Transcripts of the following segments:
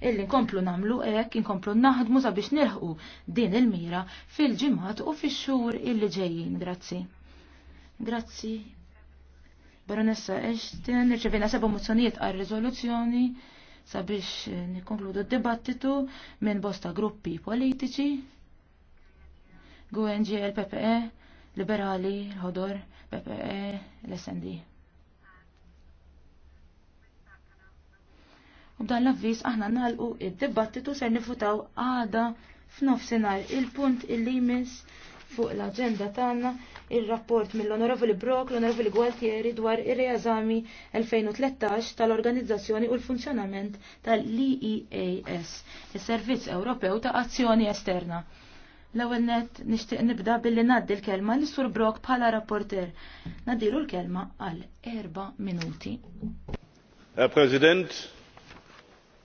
illi nkomplu namlu hekk, inkomplu naħdmu sabiex nilħu din il-mira fil-ġimgħat u fix-xhur illi ġejjin. Grazzi. Grazzi. Baronessa Eshten, irċevina seba' mozzjonijiet għal riżoluzzjoni sabiex nikonkludu d-dibattitu minn bosta gruppi politiċi. l-PPE, Liberali, l-Hodor, PPE, Liberali, Hodor, PPE, l-SND. U b'dan l-avviż aħna nagħlqu id-dibattitu ser nifutaw għada f'nofsinhar il-punt illi jmiss fuq l-aġenda tagħna ir-rapport mill-Onorevoli Brok, l-Onorevoli Gualtieri dwar ir-reżami 2013 tal-Organizzazzjoni u l-Funzjonament tal-EEAS, is-Servizz Ewropew ta' Azzjoni Esterna. L-ewwel net nixtieq nibda billi ngħaddi l-kelma lis sur Brok bħala rapporter. Nadilu l-kelma għal erba' minuti. Herr Präsident,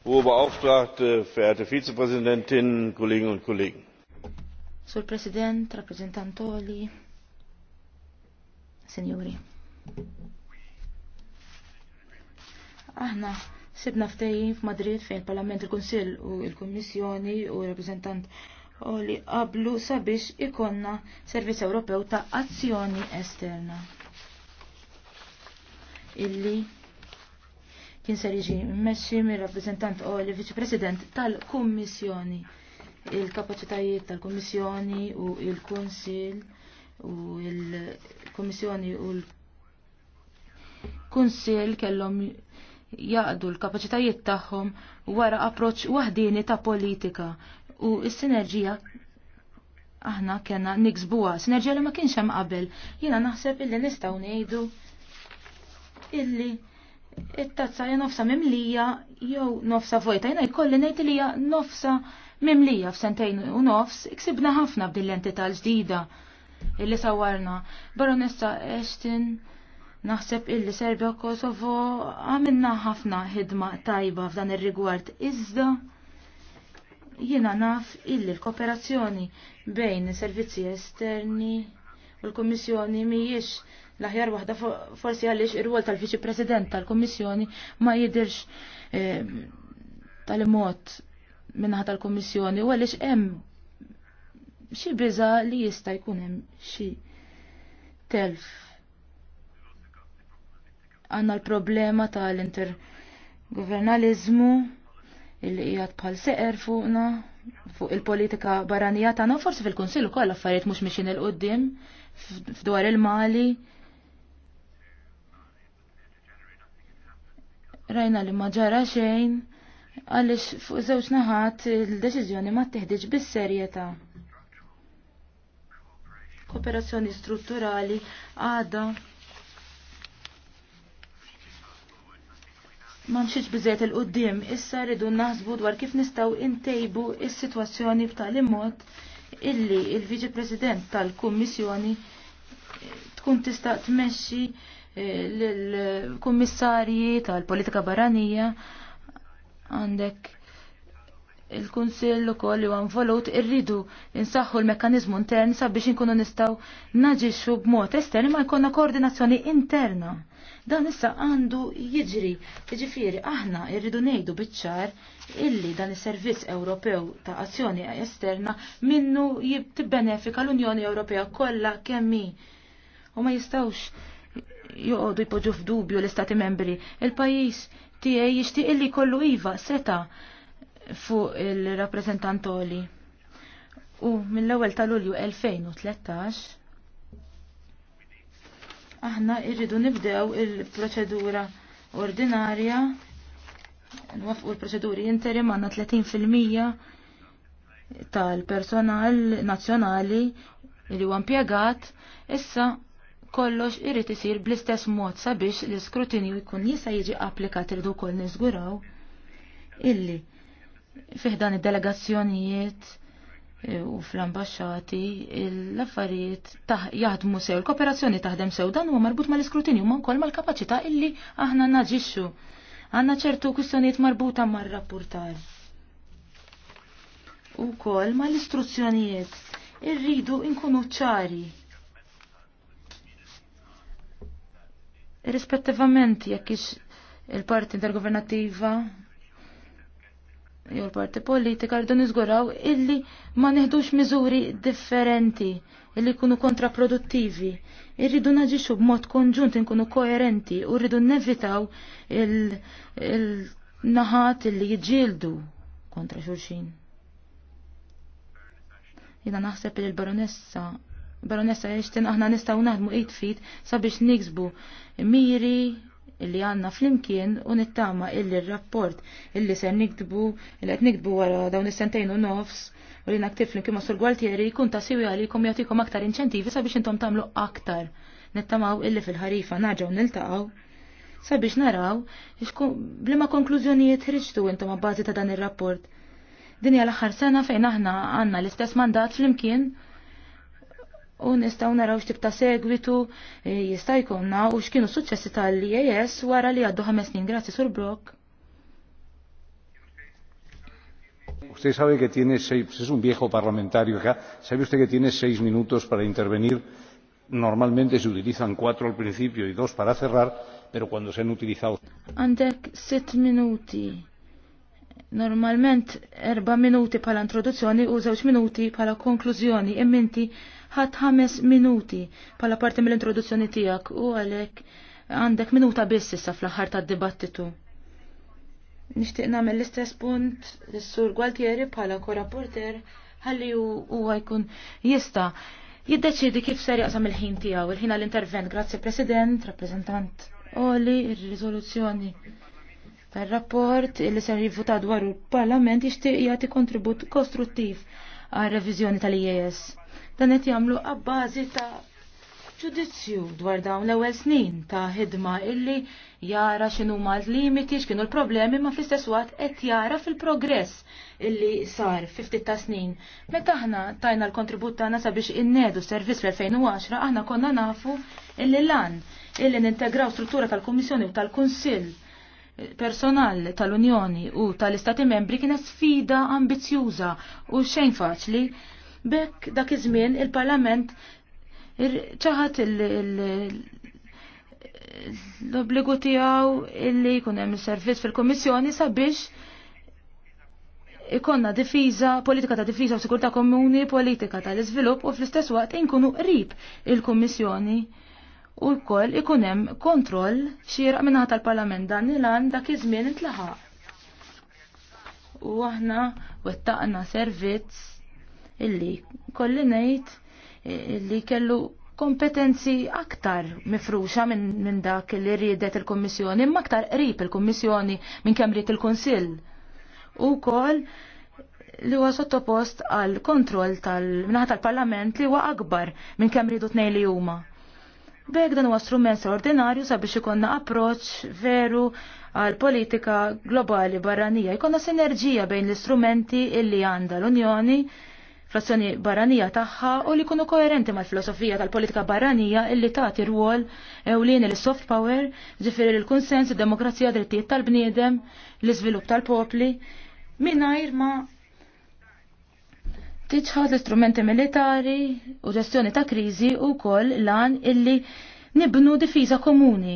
hohe Beauftragte, verehrte Vizepräsidentin, Kolleginnen und Kollegen. Sur President, Oli, Signori. Aħna sibna ftehim f'Madrid fejn il-Parlament, il-Kunsill u il-Kummissjoni u rappresentant u li qablu sabiex ikonna Servizz Ewropew ta' Azzjoni Esterna. Illi kien ser jiġi mmexxi mir-rappreżentant u l-Viċi-President tal-Kummissjoni il-kapacitajiet tal-Kummissjoni u il-Kunsil u il-Kummissjoni u l-Kunsil kellhom jaqdu l-kapacitajiet tagħhom wara approċċ waħdini ta' politika u s-sinerġija aħna kena niksbuha, sinerġija li ma kienx hemm qabel. Jiena naħseb illi nistgħu ngħidu illi it-tazza hija nofsa mimlija jew nofsa vojta. Jena jkolli ngħid li hija nofsa mimlija f'sentejn u nofs iksibna ħafna l entità l-ġdida illi sawarna. Baronessa Ashton naħseb illi Serbia u Kosovo għamilna ħafna ħidma tajba f'dan ir-rigward iżda jiena naf illi l-kooperazzjoni bejn is-servizzi esterni u l-Kummissjoni mhijiex L-aħjar waħda forsi għaliex ir-rwol tal-Viċi President tal-Kommissjoni ma jidirx eh, tal-mod minnaħa tal-Kommissjoni u għaliex hemm xi biża li jista' jkun hemm xi telf. Għanna l-problema tal-intergovernalizmu illi qiegħed bħal seqer fuqna fuq il-politika barranija tagħna forsi fil-Kunsill ukoll affarijiet mhux mixin il-qudiem f'dwar il-Mali rajna li ma ġara xejn għaliex fuq żewġ naħat il-deċiżjoni ma teħdiġ bis-serjetà. Kooperazzjoni strutturali għadha ma mxiex il-qoddim, issa rridu naħsbu dwar kif nistgħu intejbu is-sitwazzjoni b'tali mod illi il-Viċi President tal-Kummissjoni tkun tista' tmexxi l-kummissarji tal-politika barranija għandek il-Kunsill u koll u għanvolut irridu insaħħu l mekanizmu intern sabiex inkunu nistaw naġixxu b'mod estern ma jkollna koordinazzjoni interna. Dan issa għandu jiġri, jiġifieri aħna irridu ngħidu biċ-ċar illi dan is-Servizz Ewropew ta' Azzjoni Esterna minnu jibbenefika l-Unjoni Ewropea kollha kemm u ma jistawx joqogħdu jpoġġu f'dubju l-istati membri. Il-pajjiż tiegħi jixtieq illi jkollu iva seta fuq il-rappreżentantoli. U mill-ewwel ta' Lulju 2013 aħna rridu nibdew il-proċedura ordinarja nwafqu l-proċeduri interim għandna 30% tal-personal nazzjonali li huwa impjegat issa kollox irrit isir bl-istess mod sabiex l-iskrutinju jkun jista' jiġi applikat irdu wkoll niżguraw illi fiħdan id-delegazzjonijiet eh, u fl-ambasċati l-affarijiet jaħdmu sew, l-kooperazzjoni taħdem sew dan huwa marbut mal-iskrutinju ma wkoll mal-kapaċità illi aħna naġixxu. għanna ċertu kwistjonijiet marbuta mar-rapportar. U kol mal-istruzzjonijiet irridu nkunu ċari Irrispettivament jekk il-parti intergovernativa jew il parti politika rridu niżguraw illi ma neħdux miżuri differenti illi jkunu kontraproduttivi. Irridu naġixxu b'mod konġunt inkunu koerenti u rridu nevitaw il-naħat il illi jġildu kontra xulxin. Jina naħseb il baronessa Baronessa jishtin aħna nistgħu naħdmu id fit sabiex niksbu miri illi għanna flimkien u nittama illi rapport illi ser nikdbu illi għet nikdbu għara dawn is-sentejn u nofs u li naktib flimkien ma' sul-Gualtieri jkun ta' siwi għalikom jatikom aktar inċentivi sabiex intom tamlu aktar. Nittamaw illi fil-ħarifa naġaw niltaqaw sabiex naraw blima konklużjonijiet ħriġtu intom għabbażi ta' dan ir-rapport. Dinja l-aħħar sena fejn aħna għanna l-istess mandat flimkien u nistaw naraw x'tib ta' segwitu e, jista' jkollna u x'kienu suċċessi tal-IAS wara li għaddu ħames snin. Grazzi Sur Brok. Usted sabe que tiene seis, es un viejo parlamentario acá, sabe usted que tiene seis minutos para intervenir. Normalmente se utilizan cuatro al principio y dos para cerrar, pero cuando se han utilizado. Għandek sitt minuti Normalment erba' minuti bħala introduzzjoni u żewġ minuti bħala konklużjoni imminti ħadd ħames minuti bħala parti mill-introduzzjoni tiegħek u għalhekk għandek minuta biss issa fl-aħħar tad-dibattitu. Nixtieq nagħmel l-istess punt lis-Sur Gualtieri bħala korrapporter ħalli huwa jkun jista' jiddeċidi kif ser jaqsam il-ħin tiegħu il-ħin għall-intervent. Grazzi President, rappreżentant Oli, ir-riżoluzzjoni tar-rapport li ser jivvuta dwar il-Parlament jixtieq jagħti kontribut kostruttiv għal reviżjoni tal-IES. Dan qed jagħmlu abbażi ta' ġudizzju dwar dawn l-ewwel snin ta' ħidma illi jara x'inhu l-limiti, x'kienu l-problemi ma fl-istess waqt qed jara fil-progress illi sar fi ftit ta' snin. Meta aħna tajna l-kontribut tagħna sabiex innedu servizz fl-2010 aħna konna nafu illi lan illi nintegraw struttura tal-Kummissjoni u tal-Kunsill Personal tal-Unjoni u tal-Istati membri kienet sfida ambizjuża u xejn faċli. Bekk dak iż-żmien il-Parlament ċaħat l-obbligu tiegħu illi jkun hemm servizz fil-Kummissjoni sabiex ikonna difiża, politika ta' difiża u sikurta komuni, politika tal-iżvilupp u fl-istess waqt inkunu qrib il-Kummissjoni u wkoll ikun hemm kontroll xieraq minnaħa tal-Parlament dan il-għan dak iż-żmien intlaħaq. U aħna wettaqna servizz illi kolli ngħid eh, illi kellu kompetenzi aktar mifruxa minn min dak li riedet il-Kommissjoni, imma aktar qrib il-Kommissjoni minn kemm ried il-Kunsill. U wkoll li huwa sottopost għal kontroll tal-Parlament li huwa akbar minn kemm rridu tnejn li huma Bek dan huwa strument straordinarju sabiex ikonna approċ veru għal politika globali barranija. Ikonna sinerġija bejn l-istrumenti illi għandha l-Unjoni frazzjoni barranija tagħha u li jkunu koerenti mal-filosofija tal-politika barranija illi tagħti rwol ewlieni l soft power, ġifieri l-kunsens, id-demokrazija drittijiet tal-bniedem, l-iżvilupp tal-popli, mingħajr ma tiċħad l-istrumenti militari u ġestjoni ta' kriżi u koll lan illi nibnu difiża komuni.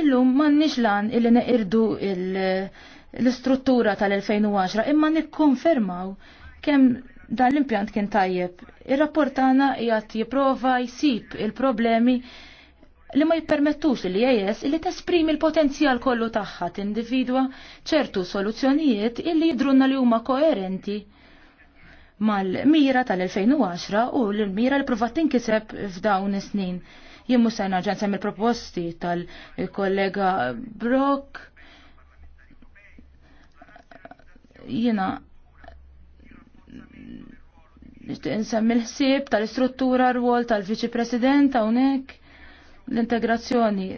Illum m'għandniex lan illi neqirdu l-istruttura tal-2010 imma nikkonfermaw kemm dan l-impjant kien tajjeb. Ir-rapport tagħna qiegħed jipprova jsib il-problemi li ma jippermettux li jajes li tesprimi l-potenzjal kollu tagħha tindividwa ċertu soluzzjonijiet illi jidrunna li huma koerenti mal-mira tal-2010 u l-mira li provat tinkiseb f'dawn is-snin. Jien mhux ġan semmi proposti tal-kollega Brock. Jiena nsemmi l-ħsieb tal-istruttura rwol tal-Viċi President hawnhekk l-integrazzjoni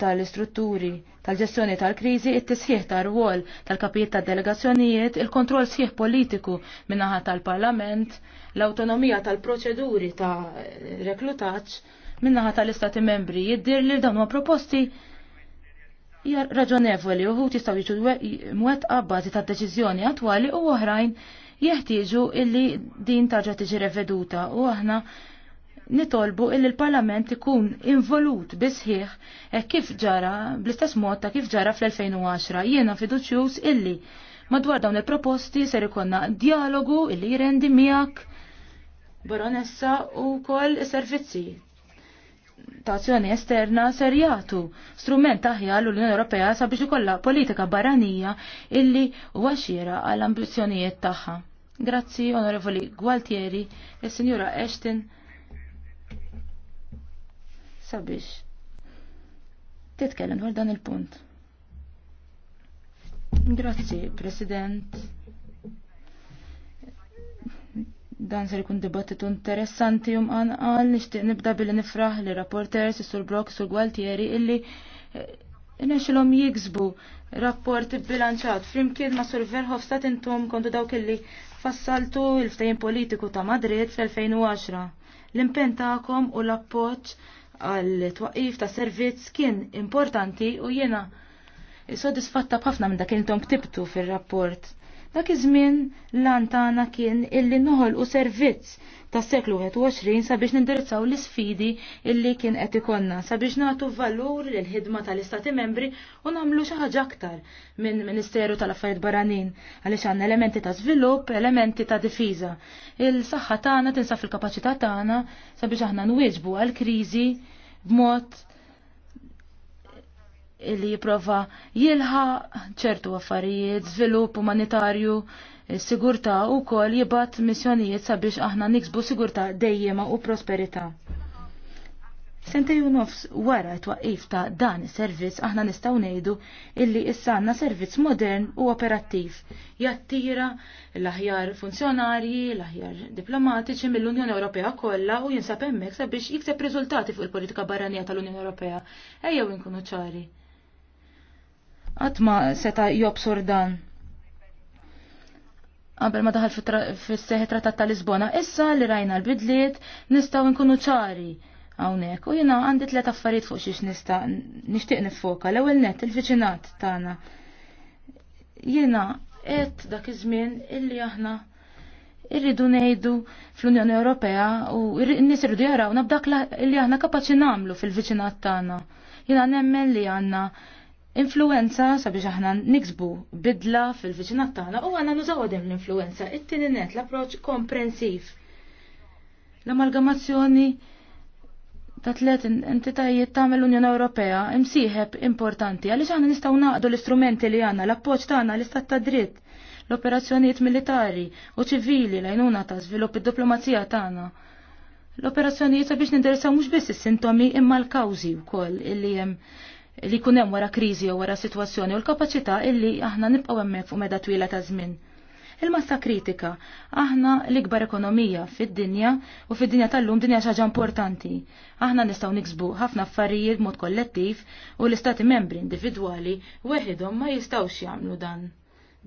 tal-istrutturi tal-ġestjoni tal-kriżi, it-tisħiħ tal rwol tal-kapijiet tad-delegazzjonijiet, il-kontroll sħiħ politiku minnaħa tal-Parlament, l-autonomija tal-proċeduri ta' reklutaċ minnaħa tal-Istati membri jiddir li dawn huwa proposti raġonevoli uħu tistaw jiġu mwet bażi tad-deċiżjoni attwali u oħrajn jeħtieġu illi din tarġa tiġi reveduta u aħna nitolbu illi l-Parlament ikun involut bisħiħ eh, kif ġara bl-istess mod ta' kif ġara fl-2010. Jiena fiduċjus illi madwar dawn il-proposti ser ikonna dialogu illi jirendi miegħek baronessa u kol servizzi ta' esterna ser jagħtu strument taħja l-Unjoni Ewropea sabiex ikollha politika barranija illi huwa xiera għall ambizzjonijiet tagħha. Grazzi, Onorevoli Gualtieri, e Signora Ashton sabiex titkellem dwar dan il-punt. Grazzi, President. Dan ser ikun dibattitu interessanti jum għan għal nishtiq nibda billi nifraħ li rapporters, sur Brock, sur Gualtieri, illi eh, nexilom jiksbu rapport bilanċat flimkien ma sur Verhofstadt intom kontu dawk illi fassaltu il-ftajn politiku ta' Madrid fil 2010 L-impentakom u l-appoċ għal twaqif ta' servizz kien importanti u jiena soddisfatta b'ħafna minn dak intom ktibtu fir-rapport. Dak iż-żmien Lantana kien illi noħolqu servizz tas-seklu 21 sabiex nindirizzaw l-isfidi illi kien qed ikonna sabiex nagħtu valur lill ħidma tal-Istati Membri u nagħmlu xi ħaġa aktar minn Ministeru tal-Affarijiet Barranin għaliex għandna elementi ta' żvilupp, elementi ta' difiża. Il-saħħa tagħna tinsab fil-kapaċità tagħna sabiex aħna nwieġbu għall-kriżi b'mod illi jiprofa jilħa ċertu affarijiet, żvilupp umanitarju, sigurtà wkoll jibgħat missjonijiet sabiex aħna niksbu sigurtà dejjema u prosperità. Sentejju nofs wara twaqif ta' dan is-servizz aħna nistgħu ngħidu illi issa għandna servizz modern u operattiv jattira l-aħjar funzjonarji, l-aħjar diplomatiċi mill-Unjoni Ewropea kollha u jinsab hemmhekk sabiex jikseb riżultati fuq il-politika barranija tal-Unjoni Ewropea. Ejjew inkunu ċari. Atma seta jobsur dan qabel ma daħal fis-seħi trattat ta' Lisbona. Issa li rajna l-bidliet nistgħu nkunu ċari hawnhekk. U jiena għandi tlet affarijiet fuq xiex nista' nixtieq nifoka. L-ewwel nett il-viċinat tagħna. Jiena qed dak iż-żmien illi aħna irridu ngħidu fl-Unjoni Ewropea u n-nies irridu jarawna b'dak li aħna kapaċi nagħmlu fil-viċinat tagħna. Jiena nemmen li għandna influenza sabiex aħna niksbu bidla fil-viċinat tagħna u għandna nużaw l-influenza. It-tieni net l-approċċ komprensiv. L-amalgamazzjoni ta' tliet entitajiet tagħmel l-Unjoni Ewropea imsieħeb importanti għaliex aħna nistgħu naqdu l-istrumenti li għandna, l-appoġġ tagħna l-istat ta' dritt, l-operazzjonijiet militari u ċivili lajnuna ta' żvilupp id-diplomazija tagħna. L-operazzjonijiet sabiex nindirizzaw mhux biss is-sintomi imma l-kawżi wkoll illi hemm li kunem wara kriżi jew wara sitwazzjoni u l-kapaċità illi aħna nibqgħu hemmhekk fuq meda twila ta' żmien. Il-massa kritika, aħna l-ikbar ekonomija fid-dinja u fid-dinja tal-lum dinja xaġa importanti. Aħna nistgħu niksbu ħafna affarijiet mod kollettiv u l-istati membri individwali weħidhom ma jistgħux jagħmlu dan.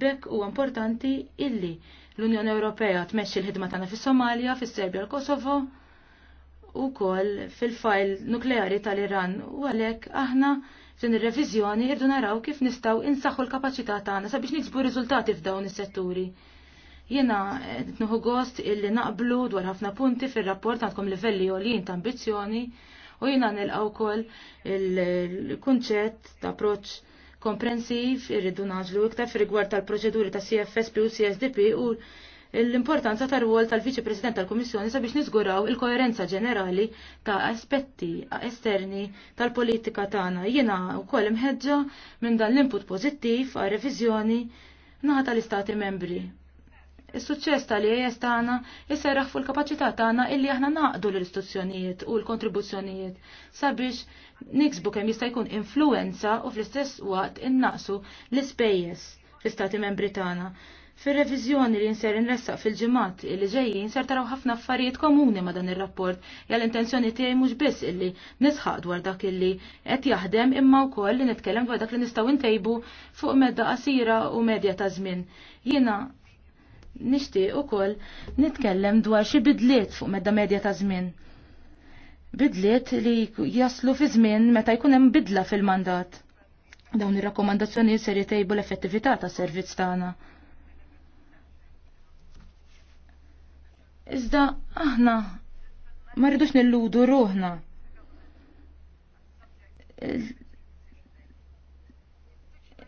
Bekk u importanti illi l-Unjoni Ewropea tmexxi l-ħidma tagħna fis-Somalja, fis-Serbja, l-Kosovo, u kol fil-fajl nukleari tal-Iran u għalek aħna F'din ir-reviżjoni irdu naraw kif nistgħu insaħħu l-kapaċità tagħna sabiex niksbu riżultati f'dawn is-setturi. Jiena qed eh, gost illi naqblu dwar ħafna punti fir-rapport għandkom livelli għolin ta' ambizzjoni u jiena nilqgħu wkoll il-kunċett ta' approċċ komprensiv irridu naġlu iktar fir rigward tal-proċeduri ta' CFSP u CSDP u l-importanza tar ruol tal-Viċi President tal-Kummissjoni sabiex niżguraw il-koerenza ġenerali ta' aspetti esterni tal-politika tagħna. Jiena wkoll imħeġġa minn dan l-input pożittiv għal reviżjoni naħa tal-Istati membri. Is-suċċess tal-IAS tagħna jserraħ fuq il-kapaċità tagħna illi aħna naqdu l-istituzzjonijiet u l-kontribuzzjonijiet sabiex niksbu kemm jista' jkun influenza u fl-istess waqt innaqsu l-ispejjeż fl-Istati Membri tagħna. Fil-reviżjoni li nser inressaq fil-ġimgħat li ġejjin ser taraw ħafna affarijiet komuni ma' dan ir-rapport l intenzjoni tiegħi mhux biss illi nisħaq dwar dak illi qed jaħdem imma wkoll li nitkellem dwar dak li nistgħu ntejbu fuq medda qasira u medja ta' żmien. Jiena nixtieq ukoll nitkellem dwar xi bidliet fuq medda medja ta' żmien bidliet li jaslu fi żmien meta jkun hemm bidla fil-mandat. Dawn ir-rakkomandazzjoni ser jtejbu l-effettività tas servizz tagħna. Iżda aħna ma rridux nilludu ruħna.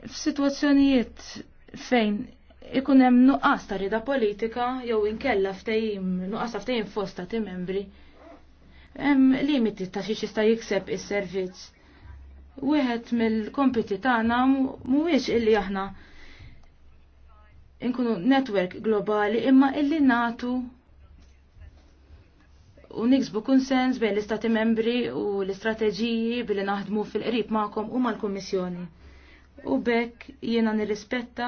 F'sitwazzjonijiet fejn ikun hemm nuqqas ta' rida politika jew inkella ftehim, nuqqas ta' ftehim fosta ti' membri. Hemm limiti ta' xi jista' jikseb is-servizz. Wieħed mill-kompiti tagħna mhuwiex illi aħna inkunu netwerk globali imma illi natu u niksbu kunsens bejn l-istati membri u l-istrateġiji billi naħdmu fil-qrib ma'kom u mal-Kummissjoni. U bekk jiena nirrispetta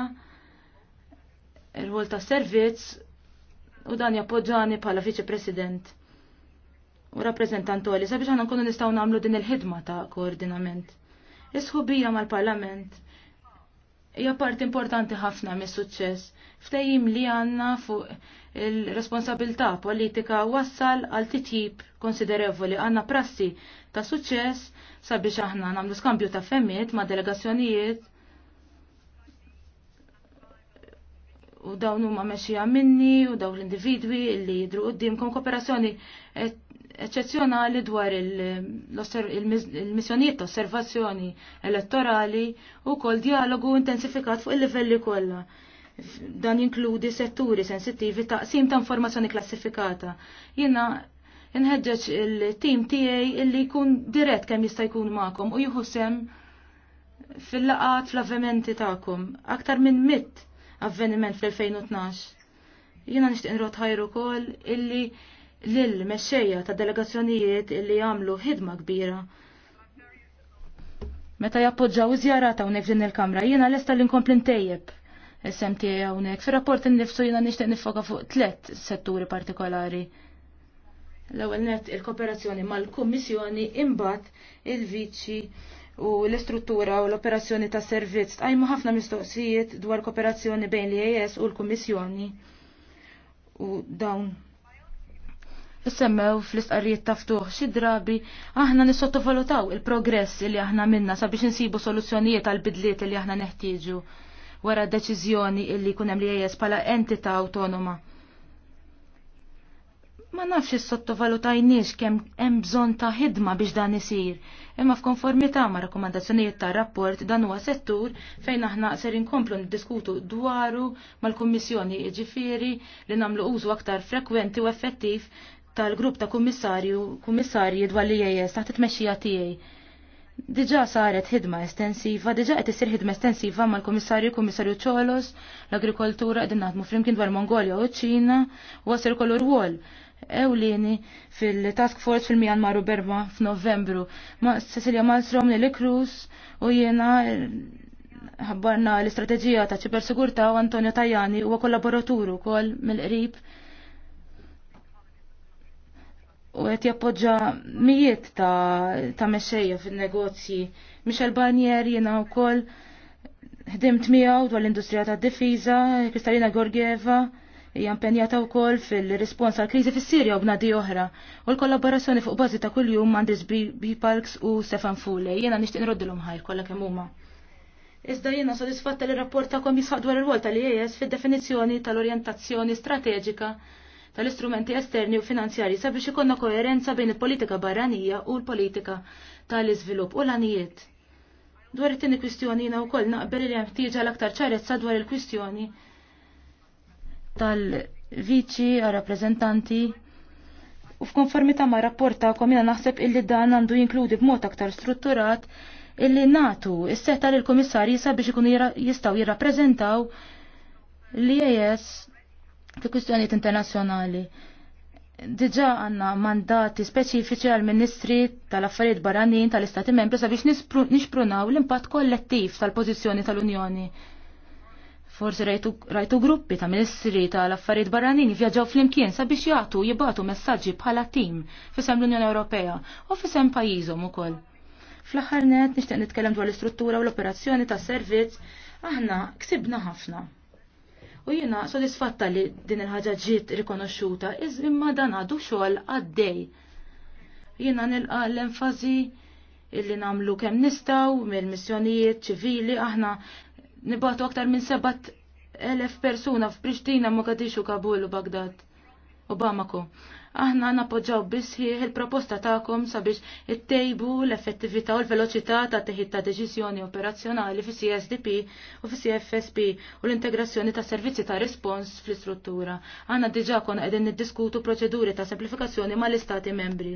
il-ħol ta' servizz u dan jappoġġani bħala viċi president u rappresentant għali sabiex għanna nkunu nistaw namlu din il-ħidma ta' koordinament. bija mal-parlament hija part importanti ħafna mis-suċċess. Ftejim li għanna fuq il-responsabilità politika wassal għal titjib konsiderevoli għanna prassi ta' suċċess sabiex aħna nagħmlu skambju ta' femmiet ma' delegazzjonijiet u dawn huma mexxija minni u dawn l-individwi li jidru qudiemkom kooperazzjoni eccezzjonali dwar il-missjonijiet ta' osservazzjoni elettorali u kol dialogu intensifikat fuq il-livelli kollha. Dan jinkludi setturi sensittivi ta' sim ta' informazzjoni klassifikata. Jina nħedġeċ il-tim tiegħi illi jkun dirett kemm jista' jkun ma'kom u jieħu sem fil-laqat fl-avvenimenti tagħkom. Aktar minn mit avveniment fl-2012. Jina nixtieq nrot ħajru kol illi lil mexxejja ta' delegazzjonijiet li għamlu ħidma kbira. Meta jappoġġaw iżjara ta' unek din il-kamra, jiena lesta l inkomplin ntejjeb is-sem tiegħi hawnhekk. Fir-rapport innifsu jiena nixtieq nifoka fuq tliet setturi partikolari l-ewwel net il-kooperazzjoni mal-Kummissjoni imbagħad il-viċi u l-istruttura u l-operazzjoni ta' servizz tqajmu ħafna mistoqsijiet dwar kooperazzjoni bejn l-EAS u l-Kummissjoni u dawn semmew fl-istqarrijiet taftuħ xi drabi aħna nissottovalutaw il-progress li aħna minna sabiex insibu soluzzjonijiet għal bidliet li aħna neħtieġu wara deċiżjoni li jkun hemm li jgħis bħala entità awtonoma. Ma nafx is-sottovalutajniex kemm hemm bżonn ta' ħidma biex dan isir, imma f'konformità ma' rakkomandazzjonijiet tar rapport dan huwa settur fejn aħna ser inkomplu niddiskutu dwaru mal-Kummissjoni jiġifieri li nagħmlu użu aktar frekwenti u effettiv tal-grupp ta' kummissarju kummissarji dwar li jgħajjes taħt it-tmexxija tiegħi. Diġà saret ħidma estensiva, diġà qed isir ħidma estensiva mal-Kummissarju Kummissarju Ċolos, l-Agrikoltura qegħdin naħdmu flimkien dwar Mongolja u ċina u għasir kollu rwol ewlieni fil-Task Force fil-Myanmar u Berma f'Novembru. Ma' Cecilia Malmstrom li Cruz u jiena eh, ħabbarna l-istrateġija ta' ċibersigurta u Antonio Tajani u kollaboraturu kol mill-qrib u qed jappoġġa mijiet ta', ta mexxejja fin-negozji. Michel Barnier jiena wkoll ħdimt miegħu dwar l-industrija tad-difiża, Kristalina Gorgieva hija u wkoll fil-rispons għal kriżi fis-Sirja u bnadi oħra. U l-kollaborazzjoni fuq bażi ta' kuljum għandis B. Parks u Stefan Fule. Jiena nixtieq nroddilhom ħaj kollha kemm huma. Iżda jiena sodisfatta li rapport tagħkom jisħaq dwar il rwol li ias fid-definizzjoni tal-orjentazzjoni strateġika tal-istrumenti esterni u finanzjari sabiex ikonna koerenza bejn il-politika barranija u l-politika tal-iżvilupp u l-anijiet. Dwar it-tieni kwistjoni u wkoll naqbel li hemm l-aktar ċarezza dwar il-kwistjoni tal-viċi għal rappreżentanti u f'konformità ma' rapport rapporta jiena naħseb illi dan għandu jinkludi b'mod aktar strutturat illi natu is-seta l-komissari sabiex ikun jistaw jirrappreżentaw l-IAS fi kwistjonijiet internazzjonali. Diġa għanna mandati speċifiċi għal ministri tal-affarijiet barranin tal-Istati membri sabiex nisprunaw l-impatt kollettiv tal-pożizzjoni tal-Unjoni. Forsi rajtu, rajtu gruppi ta' ministri tal-affarijiet barranin vjaġġaw fl-imkien sabiex jagħtu jibatu messaġġi bħala tim fisem l-Unjoni Ewropea u fisem pajjiżhom ukoll. Fl-aħħar net nixtieq nitkellem dwar l-istruttura u l-operazzjoni tas-servizz aħna ksibna ħafna. U jiena sodisfatta li din il-ħaġa ġiet rikonoxxuta, iż imma dan għadu xogħol għaddej. Jiena nilqa l-enfasi illi namlu kemm nistaw mill-missjonijiet ċivili aħna nibatu aktar minn sebat elef persuna f'Prishtina, Mogadishu, Kabul u Bagdad u Bamako. Aħna napoġġaw bisħieħ il-proposta tagħkom sabiex it-tejbu l-effettività u l-veloċità ta' teħid ta' deċiżjoni operazzjonali fi CSDP u fi CFSP u l-integrazzjoni ta' servizzi ta' respons fl-istruttura. Aħna diġà kon qegħdin niddiskutu proċeduri ta' semplifikazzjoni mal-Istati membri.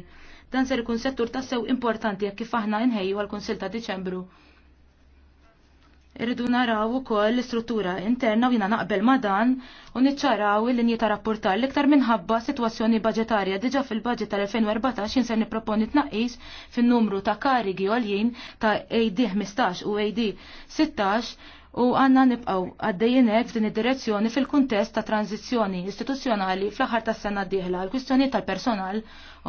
Dan ser ikun settur tassew importanti jekk kif aħna nħejju għal-Kunsil ta' Diċembru. Irridu naraw ukoll l-istruttura interna u jina naqbel ma' dan u niċċaraw il-linji ta' rapportar l-iktar minħabba sitwazzjoni budgetarja diġà fil-budget tal-2014 jinser nipproponi tnaqqis fin-numru ta' karigi għoljin ta' AD 15 u AD 16 u għanna nibqaw għaddejjin hekk f'din id-direzzjoni fil-kuntest ta' tranzizzjoni istituzzjonali fl-aħħar tas-sena d-dieħla. L-kwistjoni tal-personal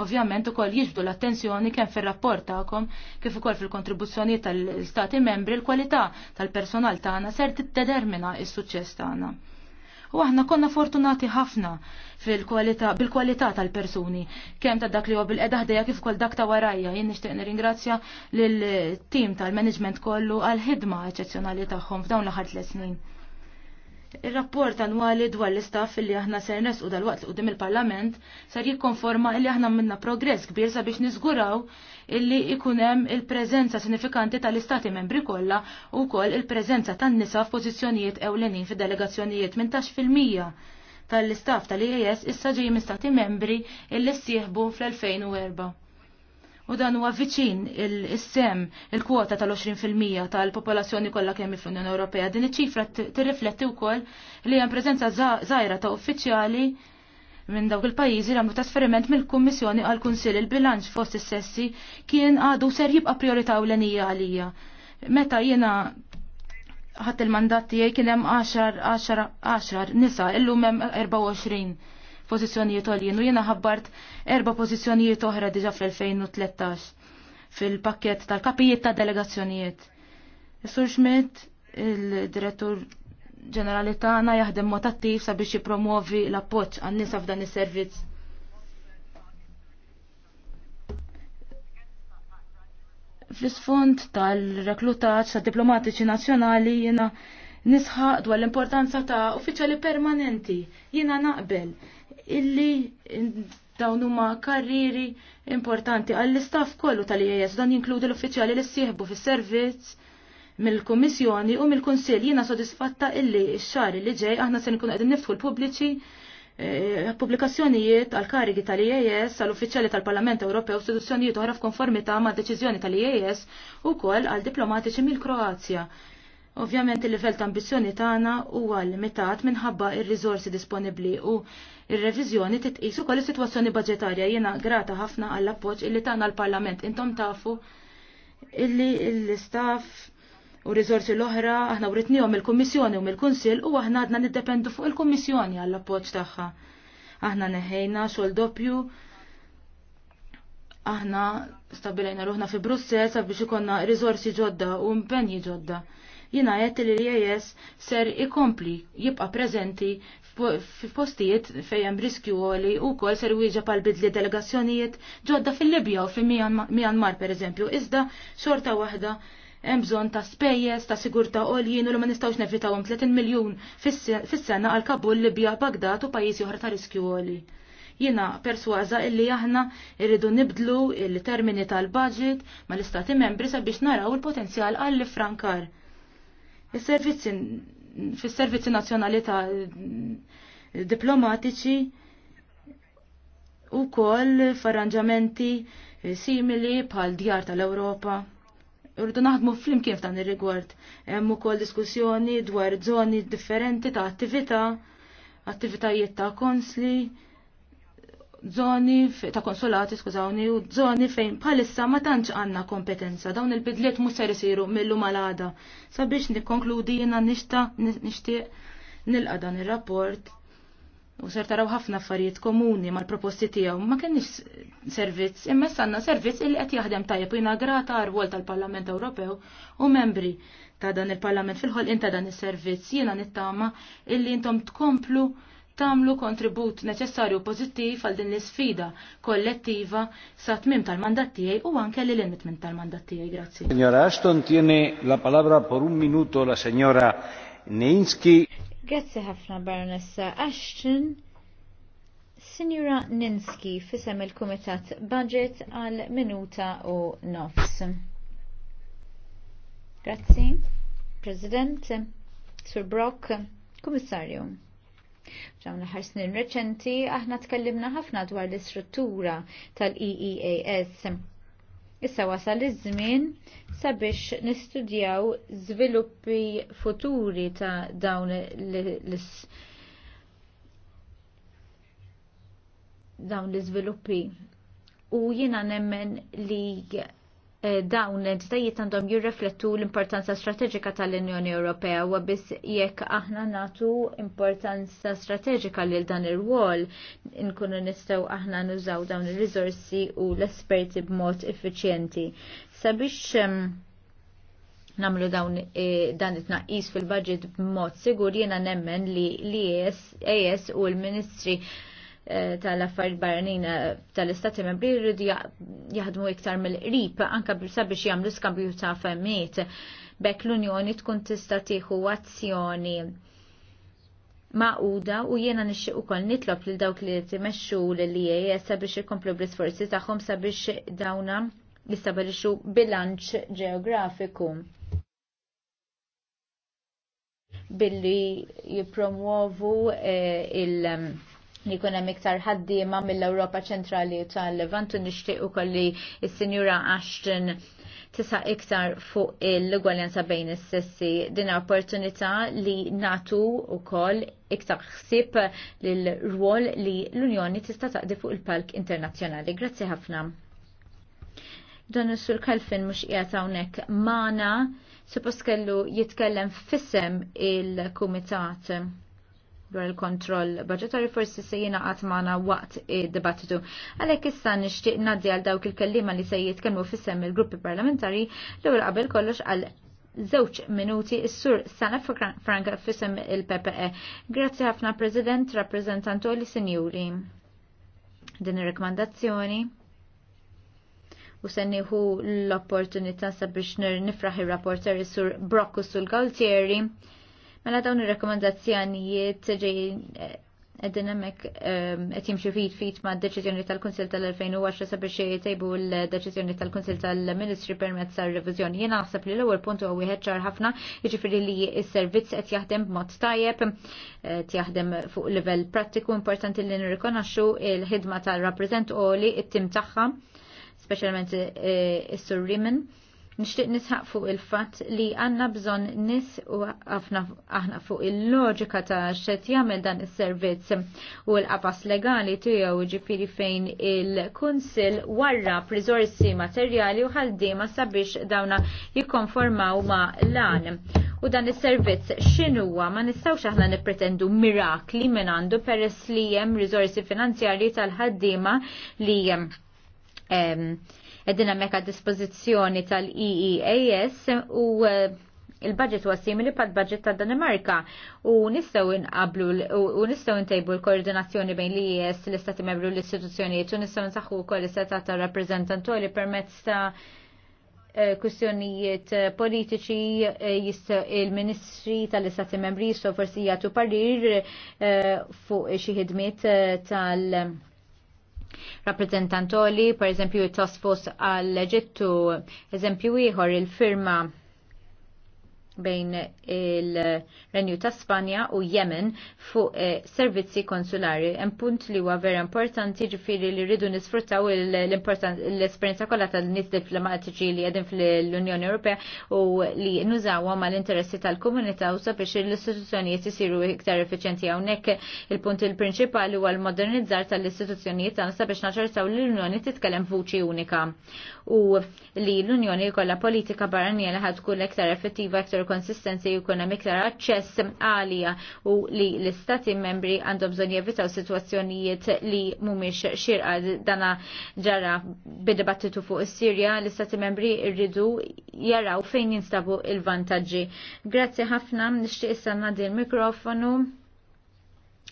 ovvjament ukoll jiġbdu l-attenzjoni kemm fir-rapport tagħkom kif ukoll fil-kontribuzzjoni tal-Stati membri l-kwalità tal-personal tagħna ser tiddetermina s-suċċess tagħna. U aħna konna fortunati ħafna bil-kwalità tal-persuni. Kemm ta' dak li huwa bil-qeda ħdejja kif ukoll dak ta' warajja. Jien nixtieq nirringrazzja lil tim tal-management kollu għal ħidma eċċezzjonali tagħhom f'dawn l-aħħar tliet snin. Il-rapport annwali dwar l-istaff li aħna ser nesqu dal-waqt li qudiem il-Parlament ser jikkonforma li aħna minna progress kbir sabiex niżguraw illi ikun hemm il-preżenza sinifikanti tal-istati membri kollha u wkoll il-preżenza tan-nisa f'pożizzjonijiet ewlenin fid-delegazzjonijiet minn tax fil-mija tal-istaff tal-IAS issa ġej mistati membri illi ssieħbu fl-2004. U dan huwa viċin il-sem il-kwota tal-20% tal-popolazzjoni kollha kemm fl-Unjoni Ewropea. Din iċ-ċifra tirrifletti wkoll li hemm preżenza żgħira ta' uffiċjali minn dawk il-pajjiżi li għamlu trasferiment mill-Kummissjoni għal kunsill il-bilanċ fost is-sessi kien għadu ser jibqa' priorità ewlenija għalija. Meta jiena ħadd il-mandat tiegħi kien hemm 10 10 10 nisa illum hemm 24 pożizzjonijiet għoljien u jiena ħabbart erba' pożizzjonijiet oħra diġà fl-2013 fil-pakket tal-kapijiet ta' delegazzjonijiet. Sur Schmidt, il-direttur ġenerali tagħna jaħdem mod attiv sabiex jippromovi l-appoġġ għan-nisa f'dan is-servizz. Fl-isfond tal-reklutaġġ ta' diplomatiċi nazzjonali jiena nisħaq dwar l-importanza ta' uffiċjali permanenti. Jiena naqbel illi dawn huma karriri importanti għall-istaff kollu tal-IAS dan jinkludi l-uffiċjali li ssieħbu fis-servizz mill-Kummissjoni u mill-Kunsill jiena sodisfatta illi x-xar li ġej aħna se nkunu qegħdin niftħu l-pubbliċi eh, pubblikazzjonijiet għal karigi tal-IAS għal uffiċjali tal-Parlament Ewropew istituzzjonijiet oħra f'konformità mad deċiżjoni tal-IAS ukoll għal diplomatiċi mill-Kroazja Ovvjament il-livell ta' ambizzjoni tagħna huwa limitat minħabba r riżorsi disponibbli u ir-reviżjoni titqis ukoll is-sitwazzjoni baġetarja jiena grata ħafna għall appoġġ illi tagħna l-Parlament. Intom tafu illi l-istaff u riżorsi l-oħra aħna writnihom il-Kummissjoni u mill-Kunsill u aħna għadna niddependu fuq il-Kummissjoni għall appoġġ tagħha. Aħna neħejna xogħol doppju aħna stabilejna ruħna fi Brussel sabiex ikonna riżorsi ġodda u impenji ġodda jina jett li l-IAS ser ikompli jibqa prezenti f'postijiet fejjem riskju għoli u kol ser wieġa pal bidli delegazzjonijiet ġodda fil-Libja u fil Myanmar per eżempju, iżda xorta waħda hemm bżonn ta' spejjeż ta' sigurta' għoljien u li ma nistgħux nevitawhom 30 miljun fis-sena għal Kabul, Libja, Bagdad u pajjiżi oħra ta' riskju għoli. Jiena persważa illi aħna irridu nibdlu il-termini tal-budget mal istati membri sabiex naraw il-potenzjal għall frankar Is-servizzi fis-servizzi nazzjonali ta' diplomatiċi u kol farranġamenti simili pal djar tal-Europa. Urdu naħdmu flimkien f'dan ir-rigward. Hemm ukoll diskussjoni dwar żoni differenti ta' attività, attivitajiet ta' konsli, zoni ta' konsolati, skużawni, u zoni fejn palissa ma tantx għanna kompetenza. Dawn il-bidliet mhux ser isiru millu malada. Sabiex nikkonkludi jiena nixta nixtieq nilqa' dan ir-rapport u ser taraw ħafna affarijiet komuni mal-proposti tiegħu. Ma kenniex servizz, imma s sanna servizz illi qed jaħdem tajjeb u jina grata rwol tal-Parlament Ewropew u membri ta' dan il-Parlament fil-ħolqien ta' dan is-servizz jiena nittama illi intom tkomplu tamlu kontribut neċessarju pozittiv għal din l-sfida kollettiva sa tmim tal-mandat tiegħi u anke li l-inmitment tal-mandat tiegħi. Grazzi. Signora Ashton tiene la palabra por un minuto la signora Neinski. Grazzi ħafna Baronessa Ashton. Signora Ninski fisem il-Kumitat Budget għal minuta u nofs. Grazzi, President, Sir Brock, Kummissarju. F'dawn l-aħħar snin reċenti aħna tkellimna ħafna dwar l-istruttura tal-EEAS. Issa wasal iż-żmien sabiex nistudjaw żviluppi futuri ta' dawn l dawn l-iżviluppi u jiena nemmen li Eh, dawn l-entitajiet għandhom jirreflettu l-importanza strateġika tal-Unjoni Ewropea u biss jekk aħna natu importanza strateġika lil dan ir-wol nkunu nistgħu aħna nużaw dawn ir-riżorsi u l-esperti b'mod effiċjenti. Sabiex namlu dawn eh, dan it-naqis fil-budget b'mod sigur jiena nemmen li l-ES u l-Ministri Eh, tal-affarijiet barranin eh, tal-istati membri jridu jaħdmu iktar mill-qrib anka sabiex jagħmlu skambju ta' femmiet bekk l-Unjoni tkun tista' tieħu azzjoni maquda u jiena nixxi ukoll nitlob lil dawk li timexxu lil IAS e sabiex ikomplu bl-isforzi tagħhom sabiex dawna jistabilixxu bilanċ ġeografiku billi jipromuovu eh, li jkun hemm iktar ħaddiema mill-Ewropa ċentrali tal-Levant u nixtieq ukoll li s-Sinjura Ashton tisa' iktar fuq l gwaljanza bejn is-sessi din opportunità li natu ukoll iktar ħsieb lil rwol li l-Unjoni tista' taqdi fuq il-palk internazzjonali. Grazzi ħafna. Dan is-sur Kalfin mhux qiegħed hawnhekk mana suppost kellu jitkellem fissem il-kumitat dwar il-kontroll budgetari forsi se jina għatmana waqt id-dibattitu. Għalek issa nishtiq naddi għal dawk il-kellima li se jitkellmu fissem il-gruppi parlamentari l ewwel qabel kollox għal zewċ minuti s-sur sana franka fissem il-PPE. Grazzi ħafna President, rappresentantu li senjuri. Din il-rekomandazzjoni u senniħu l-opportunità sabiex nifraħi rapporteri sur Brokku sul Galtieri Mela dawn ir-rakkomandazzjonijiet ġejjin Eddin eh, hemmhekk ehm, qed jimxu fit fit ma' deċiżjoni tal-Kunsil tal-2010 sabiex jtejbu l-deċiżjoni tal-Kunsil tal-Ministri permezz tar-reviżjoni. Jien naħseb li l-ewwel punt huwa wieħed ċar ħafna, jiġifieri li s-servizz qed jaħdem b'mod tajjeb, qed jaħdem fuq livell prattiku importanti li nirrikonoxxu il-ħidma tal-rappreżent u li t-tim tagħha, speċjalment eh, is surrimen Nixtieq nisħaq fuq il-fatt li għandna bżonn nis u aħna fuq il-loġika ta' xed jagħmel dan is-servizz u l-qafas legali tiegħu ġifieri fejn il-Kunsill warra prizorsi materjali u ħaddiema sabiex dawna jikkonformaw ma' l-għan u dan is-servizz x'inhuwa ma nistgħux aħna nippretendu mirakli minn għandu peress li hemm rizorsi finanzjarji tal-ħaddiema li hemm edina hemmhekk dispozizjoni dispożizzjoni tal-EEAS u eh, il-budget huwa simili pad budget ta' Danimarka u nistgħu inqablu u nistgħu ntejbu l-koordinazzjoni bejn li jes e l-istati membru l-istituzzjonijiet u nistgħu nsaħħu wkoll is-seta ta' rappreżentantu li permezz ta' eh, kwistjonijiet eh, politiċi il-Ministri tal-Istati Membri jistgħu forsi jagħtu parir fuq xi ħidmiet tal- rappresentantoli, per eżempju, task force għall-Eġittu, eżempju ieħor il-firma bejn il-Renju ta' Spanja u Yemen fuq eh, servizzi konsulari. Hemm punt li huwa vera importanti ġifieri li rridu nisfruttaw l-esperjenza kollha tal-nies diplomatiċi li qegħdin fl-Unjoni Ewropea u li nużawhom mal-interessi tal-komunità u sabiex l-istituzzjonijiet isiru iktar effiċjenti hawnhekk il-punt il-prinċipali huwa l-modernizzar tal-istituzzjonijiet tagħna sabiex naċertaw l-Unjoni titkellem vuċi unika u li l-Unjoni jkollha politika barranija li ħad tkun iktar effettiva, iktar konsistenzi jkun hemm iktar aċċess għalija u li l-istati membri għandhom bżonn jevitaw sitwazzjonijiet li mhumiex xirqa dana ġara bid fuq is-Sirja, l-istati membri rridu jaraw fejn jinstabu il-vantaġġi. Grazzi ħafna, nixtieq issa nagħdi l-mikrofonu.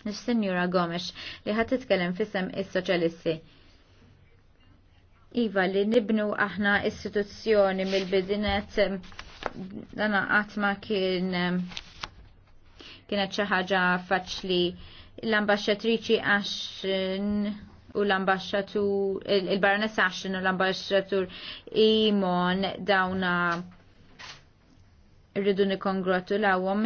Nis-Sinjura Gomes li ħat titkellem fissem is-soċjalisti. Iva li nibnu aħna istituzzjoni mill-bidinet dana għatma kien kienet xi ħaġa faċli l-ambaxxatriċi għaxin u l-ambaxxatur il-baronessa għaxin u l ambasċatur Imon dawna rridu nikongratulawhom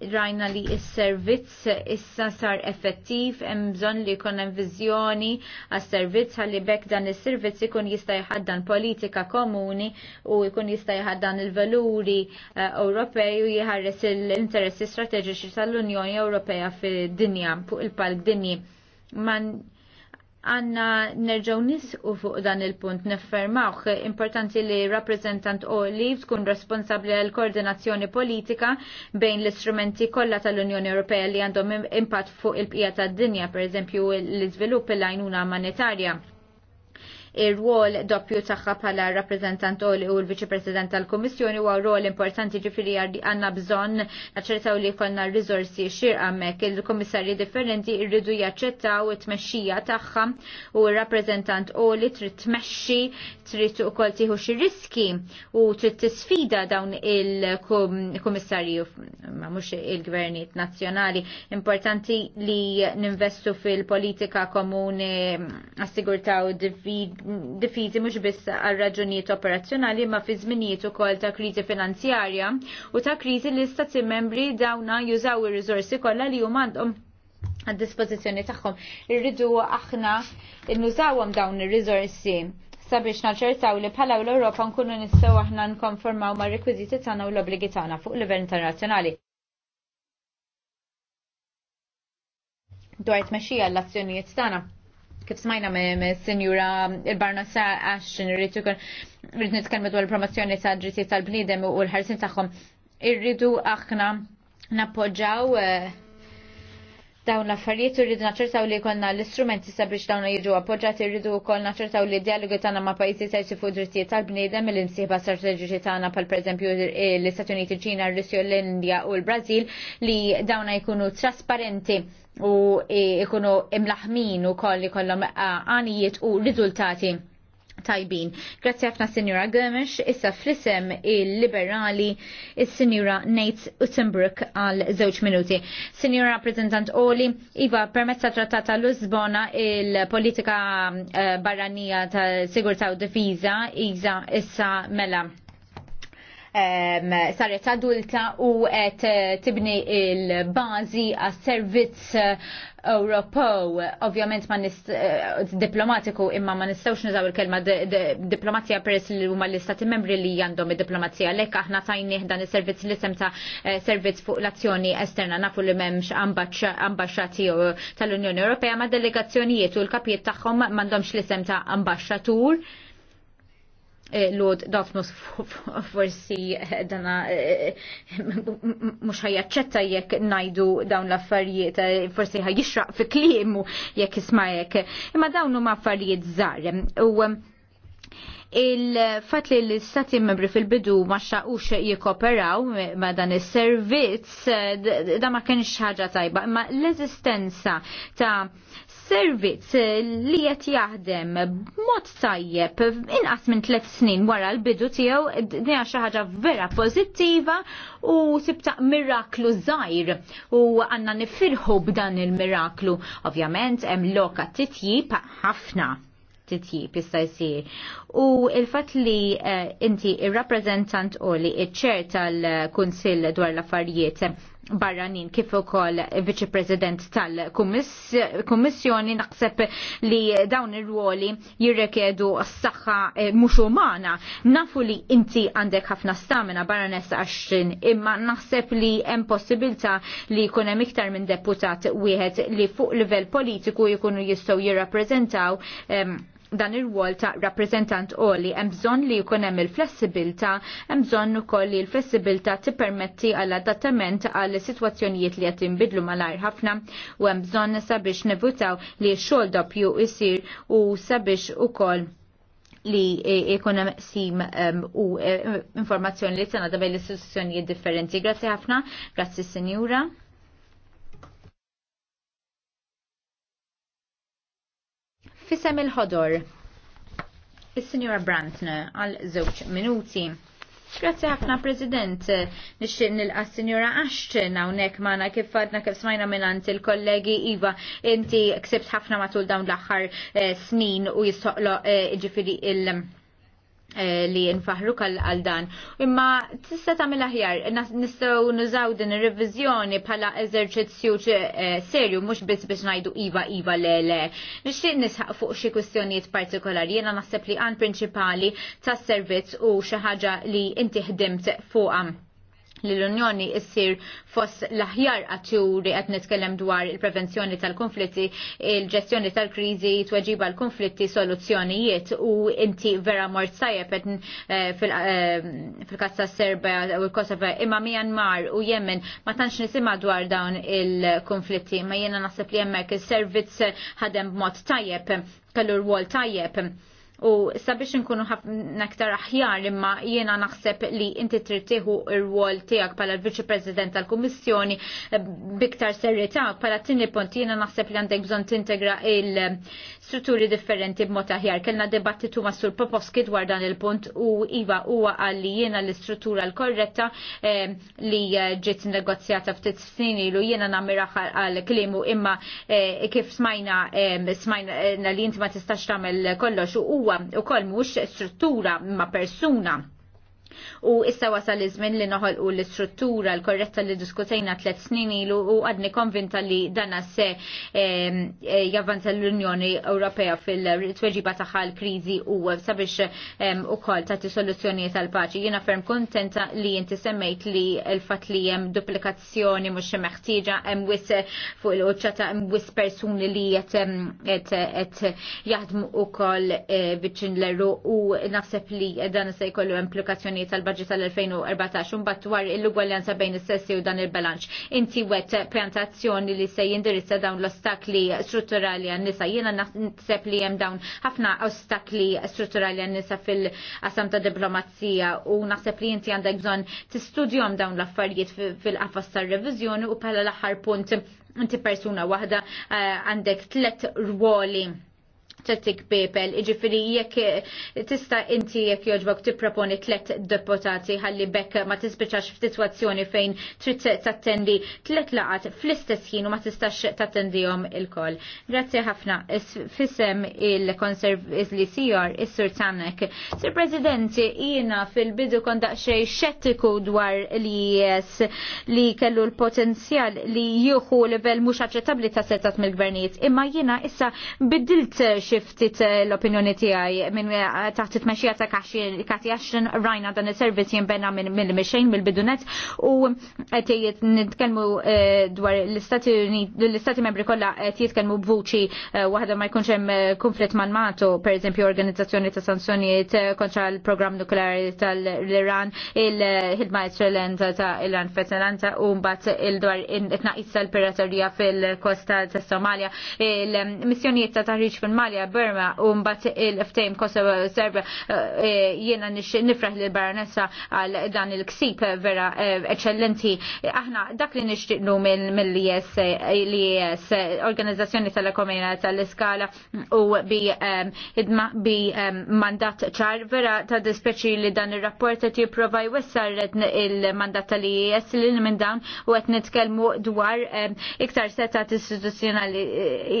rajna li il-servizz issa sar effettiv, hemm bżonn li jkun hemm viżjoni għas-servizz ħalli bekk dan is-servizz ikun jista' jħaddan politika komuni u jkun jista' jħaddan il-valuri eh, Ewropej u jħares l-interessi strateġiċi tal-Unjoni Ewropea fid-dinja fuq il-palk dinji. Man għanna nerġaw u fuq dan il-punt neffermawħ importanti li rappresentant u li tkun responsabli għal koordinazzjoni politika bejn l-istrumenti kollha tal-Unjoni Ewropea li għandhom impatt fuq il pijata tad-dinja, per eżempju l izvilupp l lajnuna monetarja ir-rwol doppju tagħha bħala rappreżentant u l-Viċi President tal-Kummissjoni huwa rwol importanti ġifieri għandna bżonn naċċertaw li jkollna r xir għammek il-kummissarji differenti rridu jaċċettaw it-tmexxija tagħha u r-rappreżentant u li trid tmexxi trid ukoll tieħu xi riski u trid tisfida dawn il-kummissarju ma mux il-gvernijiet nazzjonali. Importanti li ninvestu fil-politika komuni assigurtaw Diffizi mhux biss għal raġunijiet operazzjonali ma fi żminijiet ukoll ta' kriżi finanzjarja u ta' kriżi li stati membri dawna jużaw ir rizorsi kollha li huma għandhom għad-dispożizzjoni tagħhom. Irridu aħna nużawhom dawn ir rizorsi sabiex naċertaw li u l-Europa nkunu nistgħu aħna nkonformaw ma' rekwiżiti tagħna u l obligi tagħna fuq livell internazzjonali. Dwar tmexxija l-azzjonijiet tagħna kif smajna me senjura il barna Ashton rritu kon rritu nitkellmu dwar il-promozzjoni ta' drittijiet tal-bniedem u l-ħarsin tagħhom irridu aħna nappoġġaw eh, dawn l-affarijiet rridu naċertaw li jkollna l-istrumenti sabiex dawn jiġu appoġġati u koll naċertaw li dialogu tagħna ma' pajjiżi ta' jisifu drittijiet tal-bniedem mill insiħba strategiċi tagħna pal pereżempju l-Istati Uniti, ċina, r-Russja, l-Indja u l-Brażil li dawn jkunu trasparenti u jkunu imlaħmin ukoll li kollom għanijiet u rizultati tajbin. Grazzi ħafna Sinjura Gomes, issa flisem il-liberali il-Sinjura Nate Uttenbrook għal żewġ minuti. Sinjura Rappresentant Oli, Iva, permessa trattata l-Lisbona il-politika eh, barranija ta' sigurta u difiza, Iza, issa mela saret adulta u qed eh, tibni il-bażi għas-servizz eh, Ewropew, ovvjament ma eh, diplomatiku imma ma nistgħux nużaw il-kelma diplomazija peress li huma l-istati membri li għandhom id-diplomazija Lek aħna tajni dan is-servizz li sem ta' servizz fuq l-azzjoni esterna nafu li memx ambasċati tal-Unjoni Ewropea ma' delegazzjonijiet u l-kapijiet tagħhom m'għandhomx l-isem ta' ambasċatur. Eh, lod Dafnus forsi eh, dana eh, mux ħajaċċetta jekk najdu dawn l-affarijiet, forsi ħajixraq fi klimu jekk ismajek. Imma dawn huma affarijiet żgħar. U il-fat li l-istati membri fil-bidu ma xaqux jikoperaw ma dan il servizz da ma kienx ħaġa tajba, imma l-eżistenza ta' servizz li qed jaħdem b'mod tajjeb inqas minn tliet snin wara l-bidu tiegħu dinha xi ħaġa vera pożittiva u tibtaq miraklu żgħir u għandna nifirħu b'dan il-miraklu. Ovvjament hemm loka titjib ħafna titjib jista' jsir. U il-fatt li eh, inti ir-rappreżentant u li iċ-ċer tal-Kunsill dwar l-affarijiet barranin kif ukoll viċi President tal-Kummissjoni naħseb li dawn ir-ruoli jirrekedu s-saħħa eh, mhux umana. Nafu li inti għandek ħafna stamina Barranessa għaxin imma naħseb li hemm possibilità li jkun hemm iktar minn deputat wieħed li fuq livell politiku jkunu jistgħu jirrappreżentaw ehm, dan ir-wol ta' rappresentant oli hemm bżonn li jkun hemm il-flessibilità, hemm bżonn ukoll li l-flessibilità tippermetti għall adattament għal sitwazzjonijiet li qed jinbidlu malajr ħafna u hemm bżonn sabiex nevutaw li x-xogħol doppju isir u sabiex ukoll li e, ikun hemm sim u e, informazzjoni li tana bejn l-istituzzjonijiet differenti. Grazzi ħafna, grazzi Sinjura. Fisem il-ħodor. Is-Sinjora Brantne għal żewġ minuti. Grazie ħafna President, nixtieq nilqa Sinjora Ashton hawnhekk magħna kif fadna kif smajna minant il-kollegi Iva, inti ksibt ħafna matul dawn l-aħħar eh, snin u jistoqloq eh, ġifieri il- Eh, li nfaħru għal dan. Imma tista tagħmel aħjar, nistgħu nużaw din ir-reviżjoni bħala eżerċizzju eh, serju mhux biss biex ngħidu iva iva le le. Nixtieq nisħaq fuq xi kwistjonijiet partikolari, jiena naħseb li għan prinċipali tas-servizz u xi ħaġa li inti ħdimt fuqha li l-Unjoni issir fost l-aħjar atturi qed nitkellem dwar il-prevenzjoni tal-konflitti, il-ġestjoni tal-kriżi, tweġiba l-konflitti, soluzzjonijiet u inti vera mort sajjeb eh, eh, fil-kassa Serbia u Kosova imma Myanmar u Yemen ma tantx nisima dwar dawn il-konflitti ma jiena naħseb li hemmhekk is-servizz ħadem b'mod tajjeb kellu rwol tajjeb U sabiex nkunu aktar aħjar imma jiena naħseb li inti trid tieħu r-wol tiegħek bħala l-Viċi President tal-Kummissjoni eh, biktar serjetà bħala tieni punt jiena naħseb li għandek bżonn tintegra il-strutturi differenti b'mod aħjar. Kellna dibattitu ma' Sur Poposki dwar dan il-punt u iva huwa qal li jiena l-istruttura l-korretta eh, li ġiet negozjata ftit snin ilu jiena namira għal klimu imma eh, kif smajna smajna li inti ma tistax tagħmel kollox u huwa wkoll mhux struttura ma' persuna u issa wasal iż-żmien li noħolqu l-istruttura l-korretta li diskutejna tliet snin ilu u għadni konvinta li dana se eh, javvanza l-Unjoni Ewropea fil-tweġiba tagħha l-kriżi u sabiex ukoll tagħti soluzzjonijiet tal-paċi. Jiena ferm kontenta li inti semmejt li l-fatt li hemm duplikazzjoni mhux meħtieġa hemm wis fuq il-qoċċata hemm wis persuni li qed jaħdmu ukoll eh, biċċin l u naħseb li dan se jkollu implikazzjonijiet tal-budget tal-2014 mbagħad dwar l-ugwaljanza bejn is-sessi u dan il-bilanċ. Inti wet pjantazzjoni li se jindirizza dawn l-ostakli strutturali għan-nisa. Jiena naħseb li hemm dawn ħafna ostakli strutturali għan-nisa fil-qasam ta' diplomazija u naħseb li inti għandek bżonn tistudjom dawn l-affarijiet fil-qafas tar-reviżjoni u bħala l-aħħar punt inti persuna waħda eh, għandek tlet rwoli Tetik Papel, iġifiri jekk eh, tista' inti jekk joġbok tipproponi tlet deputati ħalli bekk ma f f'sitwazzjoni fejn trid tattendi tlet laqat fl-istess ħin u ma tistax tattendihom il-koll. Grazzi ħafna. Fisem il konservizli li sijar is-Sur Tannek. Sir Presidenti, jina fil-bidu kon xej xettiku dwar li jes li kellu l-potenzjal li juhu level mhux aċċettabbli ta' setat mill-gvernijiet, imma jiena issa bidilt xi ftit eh, l-opinjoni tiegħi minn eh, taħt it-mexxija ta' Kati Ashton rajna dan is-servizz jinbena minn mill-mixejn mill-bidunet u qed nitkellmu eh, dwar l-Istati l-Istati Membri kollha qed jitkellmu b'vuċi waħda ma jkunx hemm konflitt man NATO, pereżempju organizzazzjoni ta' sanzjonijiet kontra l-programm nukleari tal-Iran, il-ħidma Israelenta ta' Iran Fetalanta u mbagħad il-dwar it naqis tal-piraterija fil-kosta ta' Somalia, il-missjonijiet ta' taħriġ fil-Malja Burma u mbagħad il-ftejm Kosovo Serbia eh, jiena nifraħ l Baronessa għal dan il-ksib eh, vera eh, eċċellenti. Aħna dak li nixtieqnu mill-IS l-IS e Organizzazzjoni tal-Ekomena tal-Iskala u bi ehm, ehm, mandat ċar vera ta' dispeċi li dan ir-rapport qed jipprova jwessar il-mandat tal-IS li minn dawn u qed nitkellmu dwar ehm, iktar setat istituzzjonali.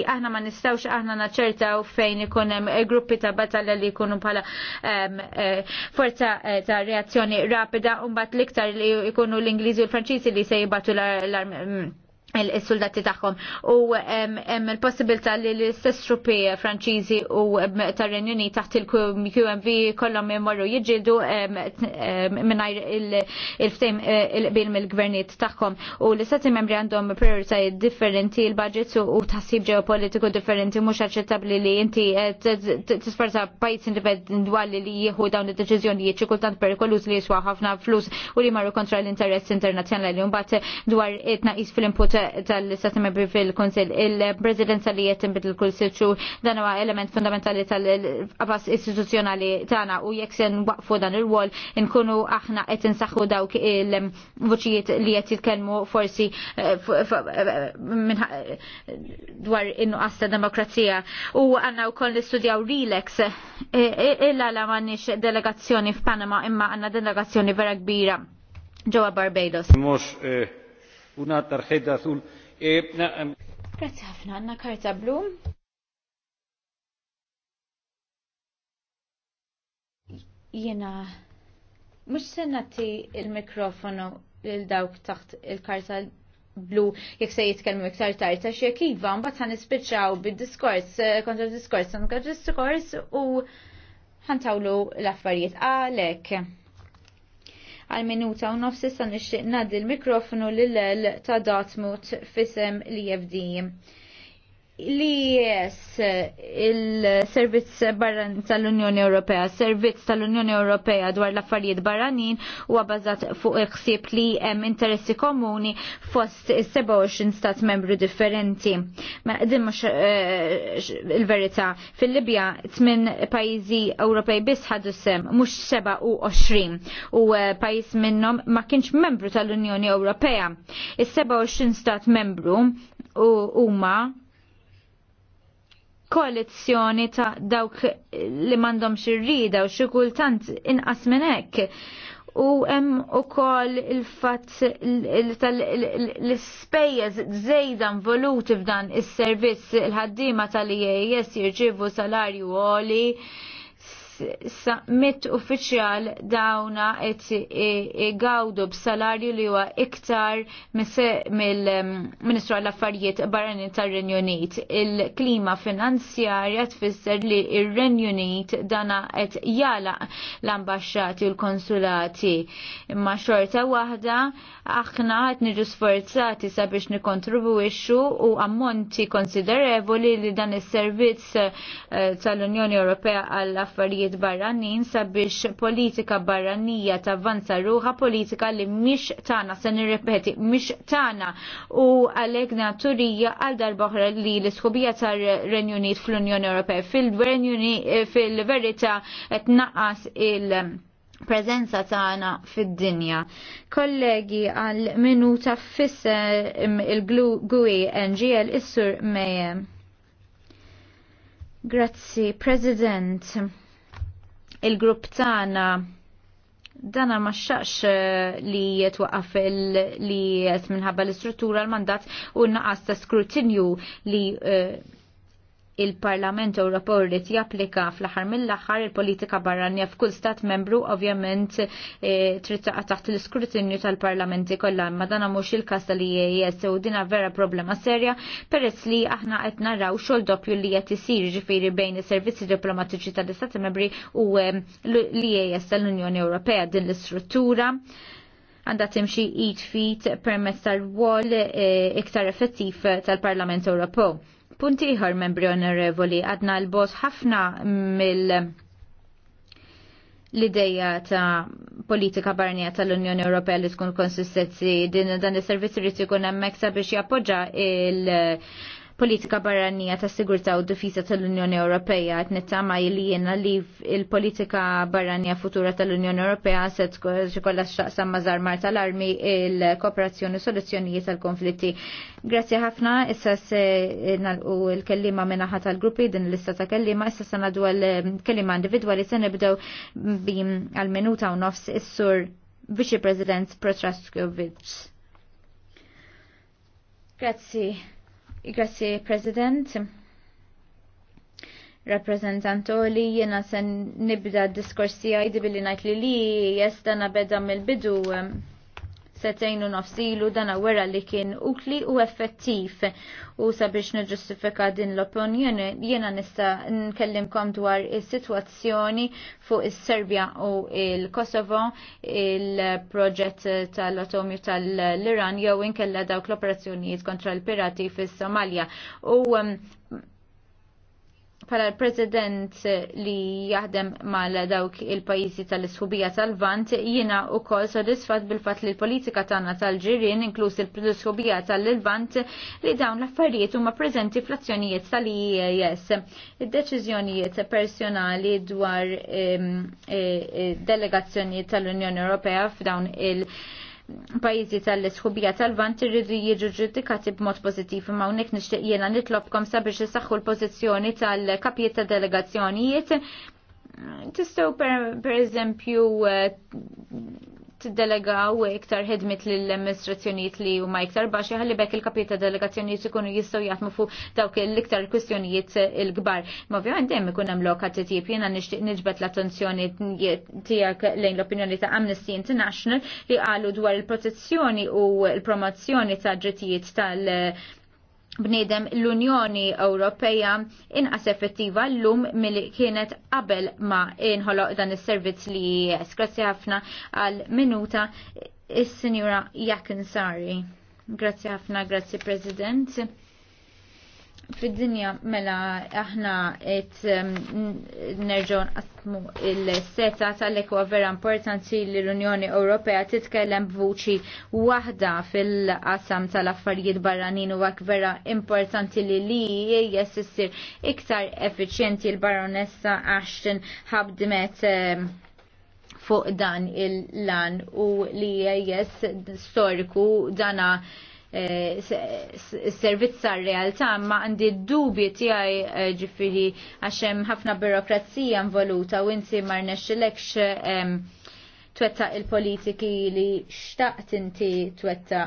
Aħna ma nistgħux aħna naċċertaw fejn ikun hemm eh, gruppi ta' batalla li jkunu bħala eh, forza eh, ta' reazzjoni rapida u mbagħad l-iktar li jkunu l-Ingliżi u l-Franċiżi li se jibatu l arm il-soldati taħħom u hemm il-possibilità li l-istess truppi Franċiżi u tar-Renju taħt il-QMV kollom jimmorru jġildu mingħajr il ftim eh, il bil mill-gvernijiet tagħhom u l-istati membri għandhom prioritajiet differenti il-budgets u tħassib ġeopolitiku differenti mhux aċċettabbli li inti eh, tisforza pajjiż individwali li jieħu dawn id-deċiżjonijiet xi kultant kollus li jiswa ħafna flus u li marru kontra l-interess internazzjonali u mbagħad dwar it naqis fil-input tal-Istati Membri fil konsil il-Presidenza li qed bidl kull sitxu, dan huwa element fundamentali tal-qafas istituzzjonali tagħna u jekk se nwaqfu dan il-wol inkunu aħna qed insaħħu dawk il-vuċijiet li qed jitkellmu forsi eh, eh, eh, dwar in ta' demokrazija u għandna wkoll nistudjaw Rilex illa la m'għandniex delegazzjoni f'Panama imma għandna delegazzjoni vera kbira ġewwa Barbados. eh, una eh, Grazie ħafna, għanna karta blu. Jena, mux sennati il-mikrofonu il-dawk taħt il-karta blu jek se jitkellmu iktar tarta xie kiva mbat mbagħad ħan nispiċċaw bid-diskors eh, kontra diskors kontra diskors u ħantawlu l-affarijiet għalhekk għal minuta u nofs issa nixtieq ngħaddi l-mikrofonu lil ta' Datmut fisem l-EFD. Li jess il-Servizz Barran tal-Unjoni Ewropea, Servizz tal-Unjoni Ewropea dwar l-affarijiet barranin u għabazat fuq iħsib li hemm interessi komuni fost 27 stat membru differenti. Ma din mux eh, il-verità, fil-Libja 8 pajizi Ewropej biss ħadu sem, mux 7 u u eh, pajiz minnom ma kienx membru tal-Unjoni Ewropea. Is-27 stat membru u huma koalizzjoni ta' dawk li mandom xirrida u xikultant kultant inqas minn hekk. U hemm ukoll il-fatt l-ispejjeż żejda involuti f'dan is-servizz il-ħaddiema tal-IAS jirġivu salarju għoli sa mit uffiċjal dawna qed igawdu b'salarju li huwa iktar mill-Ministru um, għall-Affarijiet Barranin tar-Renju Unit. Il-klima finanzjarja tfisser li il renju Unit dana qed jala l-ambasċati u l-konsulati. ma' xorta waħda aħna qed niġu sforzati sabiex nikontribwixxu u ammonti konsiderevoli li dan is-servizz eh, tal-Unjoni Ewropea għall-affarijiet affarijiet barranin sabiex politika barranija tavvanza ruħa politika li mhix tagħna se nirrepeti mhix tagħna u għalhekk naturija għal darboħra li l-isħubija tar renju Unit fl-Unjoni Ewropea fil-verità qed naqqas il- prezenza tagħna fid-dinja. Kollegi għal minuta fissem il-Gui NGL is-Sur Mejem. Grazzi, President il-grupp tagħna dana ma xaqx eh, li jetwaqaf li minħabba l-istruttura l-mandat u naqas ta' skrutinju li eh, il-Parlament Ewropew rrid japplika fl-aħħar mill-aħħar il-politika barranija f'kull stat membru ovvjament e, trid taqa' taħt l-iskrutinju tal-parlamenti kollha, imma dan mhux il-każ tal IES u dina vera problema serja peress li aħna qed naraw xogħol doppju li qed isir ġifieri bejn is-servizzi diplomatiċi tal-istati membri u l-IAS tal-Unjoni Ewropea din l-istruttura għandha timxi id fit permezz tal-wol e, iktar effettiv tal-Parlament Ewropew Punti ieħor membri onorevoli, għadna l-bos ħafna mill l-ideja ta' politika barnija tal-Unjoni Ewropea li tkun konsistenzi din dan is-servizz irid ikun hemmhekk sabiex jappoġġa il- politika barranija ta' sigurtà u difiża tal-Unjoni Ewropea qed nittama li jiena li il-politika barranija futura tal-Unjoni Ewropea se tkollha x'taqsam mażar mar tal-armi il-kooperazzjoni u soluzzjonijiet tal-konflitti. Grazzi ħafna, issa se nalqu l-kellima minn aħħa tal-gruppi din l-lista ta' kellima, issa se nagħdu l-kellima mm, individwali se nibdew għal-minuta u nofs is-sur Vice President Protraskovic. Grazzi. Grazie, President. Rappresentanto li jena sen nibda diskorsi għajdi billi najt li li jesta beda mill-bidu setajnu nafsilu nofsilu dan wera li kien ukli u effettiv. U sabiex nġustifika din l-opinjoni, jena nista nkellimkom dwar is-sitwazzjoni fuq is-Serbja u il-Kosovo, il-proġett tal atomi tal-Iran jew inkella dawk l-operazzjonijiet kontra l-pirati fis-Somalja. U um, pala president li jaħdem mal dawk il-pajjiżi tal-isħubija tal-Vant jiena wkoll sodisfat bil-fatt li l-politika tagħna tal-ġirien inklus il-isħubija tal-Vant li dawn l-affarijiet huma preżenti fl-azzjonijiet tal-IES. Id-deċiżjonijiet personali dwar ehm, e, e, delegazzjonijiet tal-Unjoni Ewropea f'dawn il- pajizi tal isħubija tal-vant irridu jiġu ġudikati b'mod pozittiv imma hawnhekk nixtieq jiena nitlobkom sabiex isaħħu l-pożizzjoni tal-kapijiet ta' delegazzjonijiet tistgħu per eżempju eh, t u iktar ħidmit l-amministrazzjoniet li huma iktar baxi ħalli bekk il-kapita delegazzjoniet jikunu jistgħu jaħdmu fuq dawk l-iktar kwistjonijiet il-kbar. Ma ovvjament dejjem ikun hemm lokal titjib jiena nixtieq niġbed l-attenzjoni tiegħek lejn l-opinjoni ta' Amnesty International li qalu dwar il-protezzjoni u l-promozzjoni ta' drittijiet tal- bnidem l-Unjoni Ewropeja inqas effettiva llum milli kienet qabel ma inħoloq dan is-servizz li Grazzi ħafna għal minuta is-Sinjura Jakinsari. Grazzi ħafna, grazzi President fid-dinja mela aħna et nerġgħu nqasmu il-seta tal eku huwa vera importanti li l-Unjoni Ewropea titkellem b'vuċi waħda fil-qasam tal-affarijiet barranin u għak vera importanti li li jessissir iktar effiċjenti l-baronessa Ashton ħabdimet fuq dan il-lan u li jess storiku dana Eh, servizz sar realtà ma għandi d-dubi tiegħi eh, ġifieri għax hemm ħafna birokrazija involuta u inti ma rnexxilekx twetta il-politiki li xtaqt inti twetta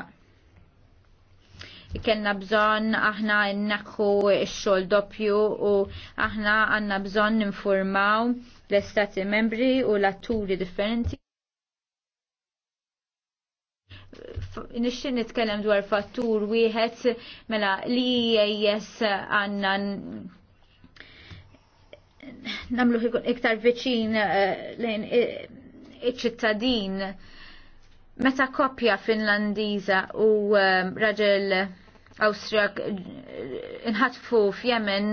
kellna bżon aħna nakku x xogħol doppju u aħna għandna bżon ninfurmaw l-estati membri u l-atturi differenti nixxin nitkellem dwar fattur wieħed mela li EIS għandna namlu iktar viċin eh, lejn eh, iċ-ċittadin. Meta koppja Finlandiża u eh, raġel Awstrijak inħatfu f'Jemen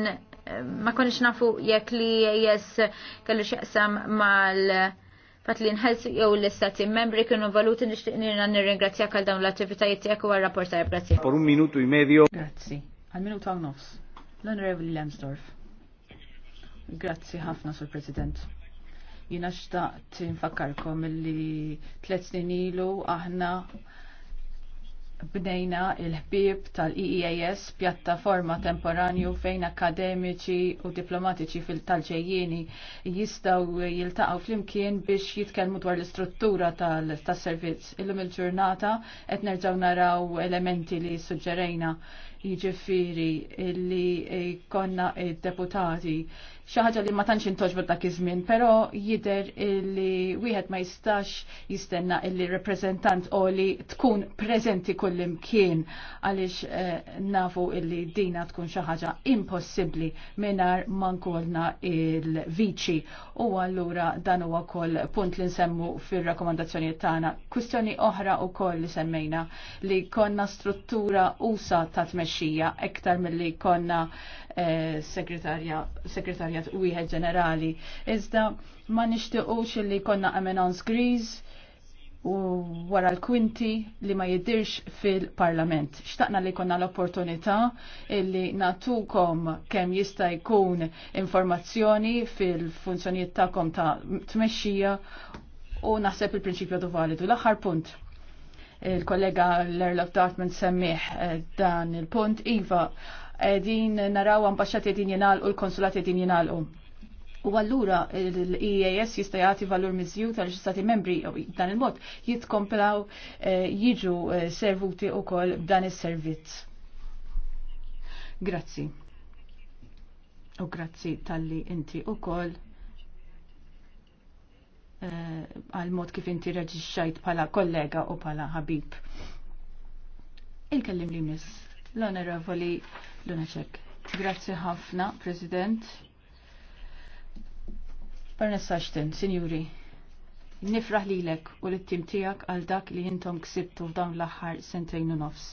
ma konniex nafu jekk li jes kellu x'jaqsam mal- Fat li nħelsu jew l-istati membri kienu valuti nixtieq nirna nirringrazzja kal dawn l-attivitajiet tiegħek u għar-rapport tajjeb grazzi. Por un minutu medio. Grazzi. Għal minutu għal nofs. L-Onorevoli Lemsdorf. Grazzi ħafna, Sur President jina xtaqt nfakkarkom li tlet snin ilu aħna bnejna il-ħbib tal-EEAS pjattaforma temporanju fejn akademiċi u diplomatiċi fil-talġejjini jistaw jiltaqaw flimkien biex jitkellmu dwar l-istruttura tal-servizz. Illum il-ġurnata qed nerġgħu naraw elementi li suġġerejna jiġifieri li konna id-deputati xaħġa ħaġa li ma tantx intoġbor dak iż-żmien, però jidher li wieħed ma jistax jistenna illi reprezentant o li tkun preżenti kullimkien għaliex eh, nafu illi dina tkun xi ħaġa impossibbli mingħajr ma nkollna il-viċi. U allura dan huwa wkoll punt li nsemmu fir-rakkomandazzjonijiet tagħna. Kwistjoni oħra wkoll li semmejna li konna struttura usa ta' tmexxija iktar milli konna Eh, segretarjat wieħed ġenerali. Iżda ma nishtiqux li konna amenons griż u wara l-kwinti li ma jiddirx fil-parlament. Xtaqna li konna l-opportunità li natukom kemm jista' jkun informazzjoni fil-funzjonijiet tagħkom ta' tmexxija u naħseb il-prinċipju du validu. L-aħħar punt il-kollega l-Erlof Dartman semmiħ eh, dan il-punt. Iva, din naraw jedin din u l-konsulati din jenal U għallura l-EAS jista' jagħti valur miżju tal-ġistati membri dan il-mod jitkomplaw eh, jiġu eh, servuti wkoll b'dan is-servizz. Grazzi. U grazzi tal-li inti wkoll eh, għal mod kif inti reġixxajt pala kollega u pala ħabib. Il-kellim li miss l-onorevoli Lunaċek. Grazie ħafna, President. Barnes Ashton, Signori. nifraħ lilek u l-tim tijak għal dak li jintom ksibtu dawn l-axħar sentejn nofs.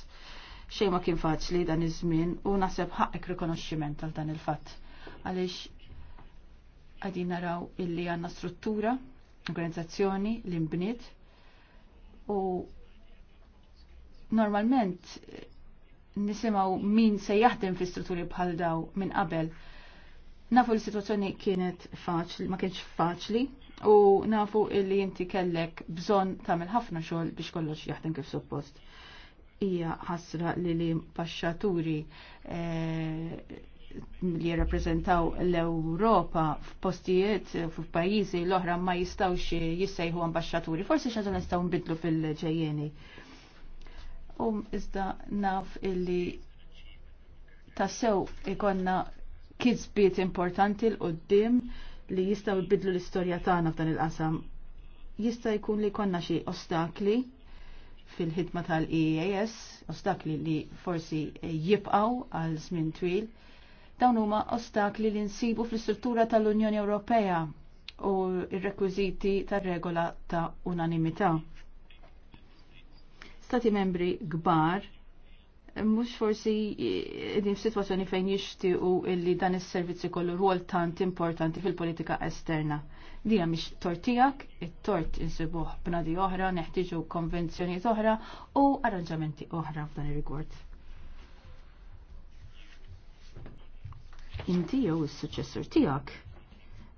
Xej ma kien faċli dan iż-żmien u naħseb ħaqek rikonoxximent għal dan il-fatt. Għaliex għadin naraw illi għanna struttura, organizzazzjoni, l imbnit u normalment nisimaw min se jaħdem fi strutturi bħal daw minn qabel. Nafu l-situazzjoni kienet faċli, ma kienx faċli, u nafu illi inti kellek bżon tamil ħafna xogħol biex kollox jaħdem kif suppost. Ija ħasra li li paxxaturi eh, li jirrappreżentaw l-Europa f'postijiet f'pajjiżi l-oħra ma jistawx jissejħu ambasċaturi. Forsi xaġa nistgħu nbidlu fil-ġejjeni u um, iżda naf illi tassew ikonna kizbiet importanti l-qoddim li jistaw jibidlu l-istorja tagħna f'dan il-qasam. Jista' jkun li konna xi ostakli fil-ħidma tal-EAS, ostakli li forsi jibqaw għal żmien twil, dawn huma ostakli li nsibu fl-istruttura tal-Unjoni Ewropea u r rekwiżiti tar-regola ta' unanimità stati membri gbar mux forsi eh, din situazzjoni fejn u illi dan is-servizzi kollu ruol tant importanti fil-politika esterna. Dija mhix tortijak, it-tort insibuh b'nadi oħra, neħtieġu konvenzjonijiet oħra u arranġamenti oħra f'dan ir-rigward. Inti jew is-suċessur tiegħek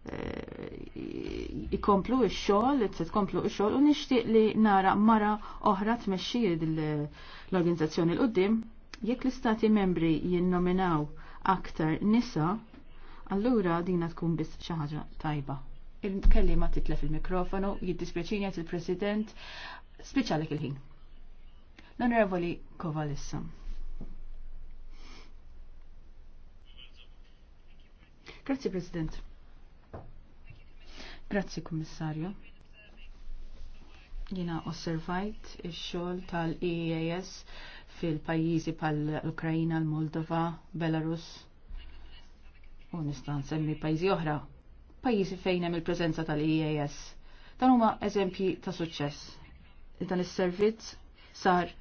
Eh, ikomplu ix xogħol se tkomplu x-xogħol u nixtieq li nara mara oħra tmexxi l-organizzazzjoni l qudiem jekk l-istati membri jinnominaw aktar nisa, allura dina tkun biss xi ħaġa tajba. Il-kellima titlef il-mikrofonu, jiddispjaċini il-President, Spiċali kil ħin L-Onorevoli Kovalissa. Grazie President. Grazzi Kummissarju. Jina osservajt ix-xogħol tal-EAS fil-pajjiżi pal ukrajina l-Moldova, Belarus u nista' nsemmi pajjiżi oħra. Pajjiżi fejn hemm il prezenza tal-EAS. Dan huma eżempji ta' suċċess. Dan is-servizz sar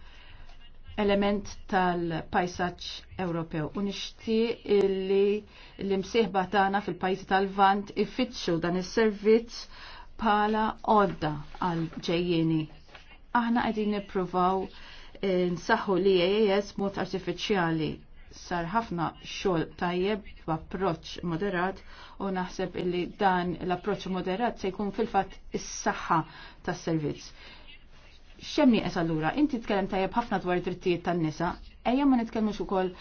element tal-pajsaċ Ewropew. U nixtieq illi l-imsieħba tagħna fil-pajjiżi tal-Vant ifittxu dan is-servizz bħala għodda għal ġejjini. Aħna qegħdin nippruvaw eh, nsaħħu li EAS mod artifiċjali sar ħafna xogħol tajjeb b'approċċ moderat u naħseb illi dan l-approċċ moderat se jkun fil-fatt is-saħħa tas-servizz xemni allura, inti tkellem tajjeb ħafna dwar drittijiet tan-nisa, ejja ma nitkellmux ukoll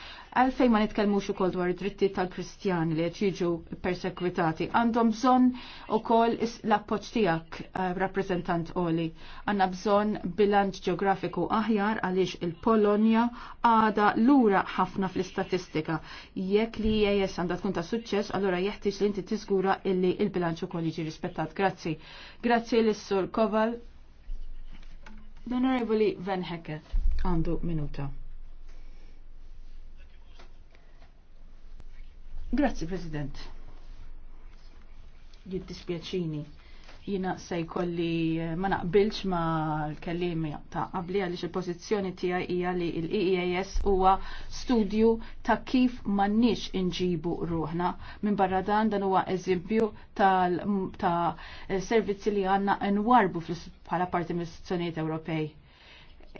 għalfejn ma nitkellmux ukoll dwar drittijiet tal-Kristjani li qed jiġu persekwitati. Għandhom bżonn ukoll l-appoġġ tiegħek eh, rappreżentant Oli. għanna bżonn bilanċ ġeografiku aħjar għaliex il-Polonja għada lura ħafna fl-istatistika. Jekk li jes għandha tkun ta' suċċess, allura jeħtieġ li inti tiżgura illi il-bilanċ ukoll jiġi rispettat. Grazzi. Grazzi l sur Koval. L-Onorevoli Van Hecke għandu minuta. Grazie, President. Jiddispjaċini jina se jkolli eh, ma naqbilx ma l-kellim ta' għabli għaliex il-pożizzjoni tiegħi ija li l-EEAS huwa studju ta' kif m'għandniex inġibu ruħna. Minn barra dan dan huwa eżempju ta' servizzi li għandna nwarbu bħala parti mill-istituzzjonijiet Ewropej.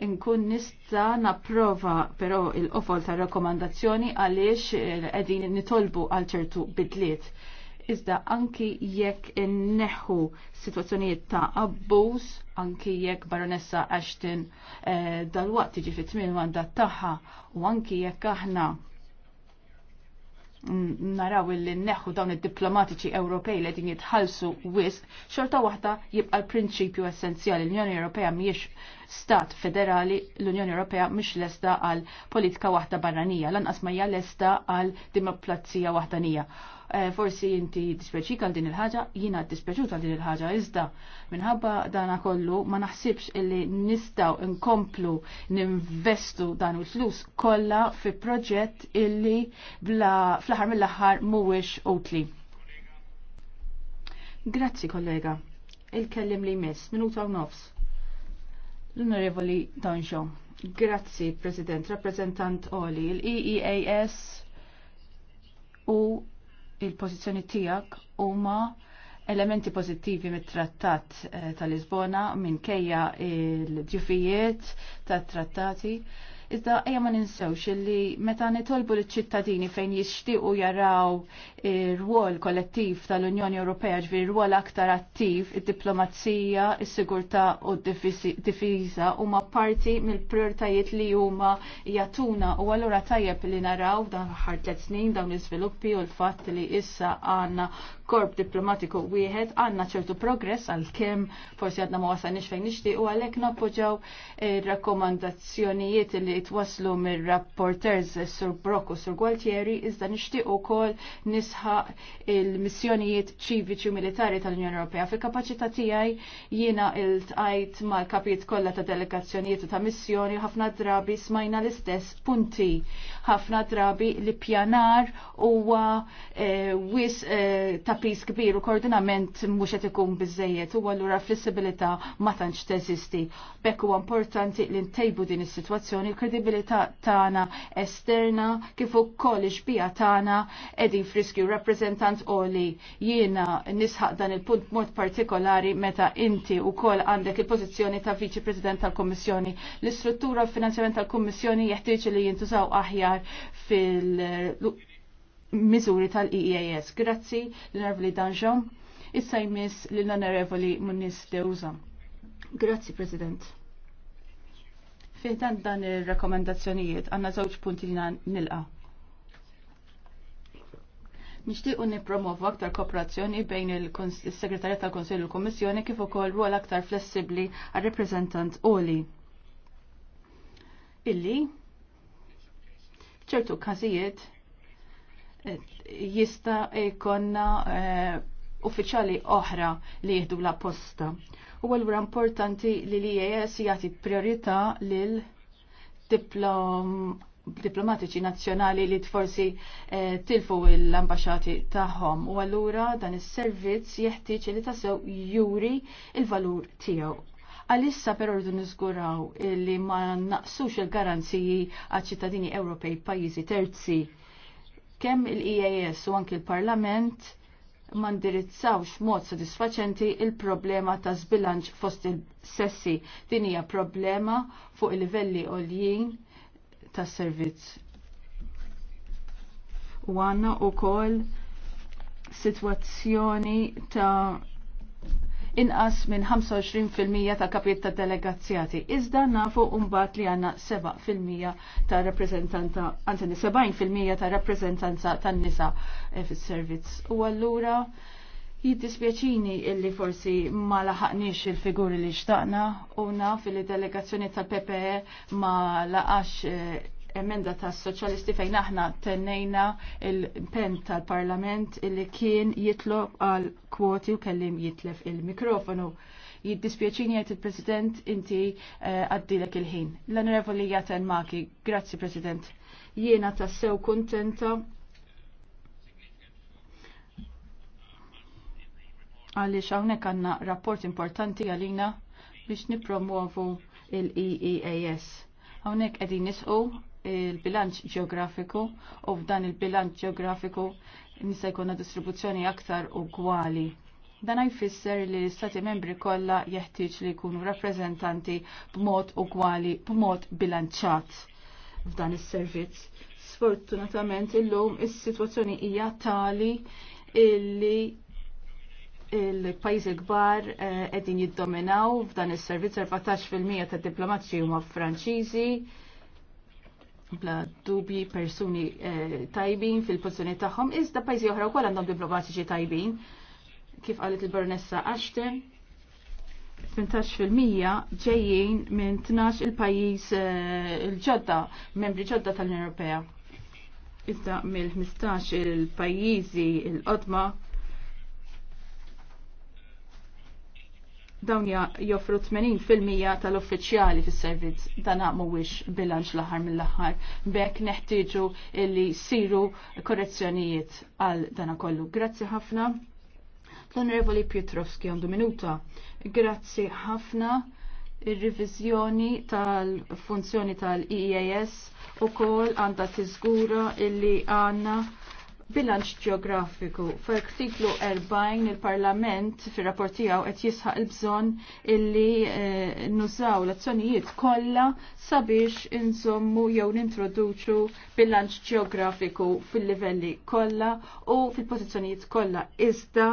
Inkun nista napprova però il-qofol ta' rekomandazzjoni għaliex eh, qegħdin nitolbu għal ċertu bidliet iżda anki jekk inneħħu situazzjonijiet ta' abbuż, anki jekk baronessa Ashton eh, dal-waqt tiġi fit tmien mandat tagħha u anki jekk aħna naraw illi neħu dawn id-diplomatiċi Ewropej li din jitħallsu wisq, xorta waħda jibqa l-prinċipju essenzjali l-Unjoni Ewropea mhijiex stat federali, l-Unjoni Ewropea mhix lesta għal politika waħda barranija, lanqas ma hija lesta għal demokrazija waħdanija. Eh, forsi inti dispeċi għal din il-ħaġa, jina dispeċu għal din il-ħaġa, iżda minħabba dana kollu ma naħsibx illi nistaw nkomplu ninvestu dan u flus kolla fi proġett illi bla fl-ħar mill-ħar mhuwiex utli. Grazzi kollega. Il-kellim li jmiss, minuta u nofs. L-Onorevoli Donjon. Grazzi, President, Rappresentant Oli, l-EEAS u il-pozizjoni tijak huma elementi pozittivi mit-trattat eh, tal-Lisbona minn kejja il-ġufijiet tat-trattati. Iżda ejja ma ninsewx li meta nitolbu l-ċittadini fejn jixtiequ jaraw ir-rwol eh, kollettiv tal-Unjoni Ewropea ġviri rwol aktar attiv, id-diplomazija, is-sigurtà u d-difiża huma parti mill-prioritajiet li huma jatuna u allura tajjeb li naraw dan ħar tliet snin dawn l-iżviluppi u l-fatt li issa għandna korp diplomatiku wieħed għandna ċertu progress għal forsi għadna ma wasalniex fejn nixtiequ għalhekk nappoġġaw ir-rakkomandazzjonijiet eh, li li twaslu mir-rapporters Sur Brocco Sur Gualtieri iżda nixtieq ukoll nisħa il-missjonijiet ċiviċi u militari tal-Unjoni Ewropea. Fil-kapaċità tiegħi jiena tajt mal-kapijiet kollha ta' delegazzjonijiet ta' missjoni ħafna drabi smajna l-istess punti. Ħafna drabi li pjanar huwa e, wis eh, ta' pis kbir u koordinament mhux qed ikun biżejjed u allura flessibilità ma tantx teżisti. Bekk huwa importanti li ntejbu din is-sitwazzjoni il-kredibilità tagħna esterna kif ukoll ix-bija tagħna qegħdin friskju rappreżentant oli jiena nisħaq dan il-punt mod partikolari meta inti wkoll għandek il-pożizzjoni ta' Viċi President tal-Kummissjoni. L-istruttura finanzjament tal-Kummissjoni jeħtieġ li jintużaw aħjar fil- miżuri tal-EEAS. Grazzi l-Nervli Danjon, issa jmiss l-Onorevoli Munis Deuza. Grazzi, President fiħtan dan il-rekomendazzjonijiet għanna żewġ punti li nilqa. Nixtiequ nippromovu aktar kooperazzjoni bejn il-Segretarja tal-Konsilju u l-Kummissjoni kif ukoll rwol aktar flessibbli għar-reprezentant Oli. Illi ċertu każijiet eh, jista' jkollna e, uffiċjali oħra li jieħdu la posta. U għallura importanti li l-IAS jagħti priorita lil diplom diplomatiċi nazzjonali li tforsi eh, tilfu l-ambasċati tagħhom u allura dan is-servizz jeħtieġ li tasew juri il-valur tiegħu. Għalissa per ordu niżguraw li ma naqsux il-garanziji għal ċittadini Ewropej pajjiżi terzi kemm il-EAS u anki l-Parlament ma ndirizzawx mod sodisfaċenti il-problema ta' zbilanċ fost il-sessi. Din hija problema fuq il-livelli oljin ta' servizz. U għanna u kol situazzjoni ta' inqas minn 25% ta' kapiet ta' delegazzjati. Iżda nafu umbat li għanna 7% ta' rappresentanta, għanzini 70% ta' rappresentanza tan nisa eh, fis-servizz. U allura jiddispjaċini illi forsi ma laħaqniex il-figuri li xtaqna u naf il-delegazzjoni tal-PPE ma laqax eh, emenda ta' soċjalisti fejn aħna tennejna il-pen tal-parlament illi kien jitlob għal kwoti u kellim jitlef il-mikrofonu. Jiddispieċini għajt il-President inti eh, għaddilek il-ħin. L-Onorevoli Jaten Maki, grazzi President. Jiena ta' sew kontenta għalix hawnhekk għandna rapport importanti għalina biex nipromuovu il-EEAS. Hawnhekk qegħdin nisqu il-bilanċ ġeografiku u f'dan il-bilanċ ġeografiku nista' jkollna distribuzzjoni aktar ugwali. Dan jfisser li l-Stati membri kollha jeħtieġ li jkunu rappreżentanti b'mod ugwali, b'mod bilanċat f'dan is-servizz. Sfortunatament illum is-sitwazzjoni hija tali illi il-pajzi kbar eh, qegħdin jiddominaw f'dan is-servizz 14% tad-diplomatiċi huma Franċiżi, bla dubi persuni eh, tajbin fil-pozzjoni tagħhom, iżda pajjiżi oħra u għandhom diplomatiċi tajbin. Kif qalet il-Baronessa Ashton, 18% ġejjin minn 12 il-pajjiż eh, il-ġodda, membri ġodda tal-Ewropea. Iżda mill-15 il-pajjiżi il-qodma dawn joffru 80% tal-uffiċjali fis-servizz dan mhuwiex bilanċ l-aħħar mill-aħħar. Bekk neħtieġu li siru korrezzjonijiet għal dan kollu. Grazzi ħafna. L-Onorevoli Pietrowski għandu minuta. Grazzi ħafna ir-revizjoni tal-funzjoni tal-EAS u kol għanda tiżgura illi għanna bilanċ ġeografiku. F'artiklu 40 il-Parlament fir-rapport tiegħu qed jisħaq il-bżonn illi eh, nużaw l-azzjonijiet kollha sabiex inżommu jew nintroduċu bilanċ ġeografiku fil-livelli kollha u fil-pożizzjonijiet kollha. Iżda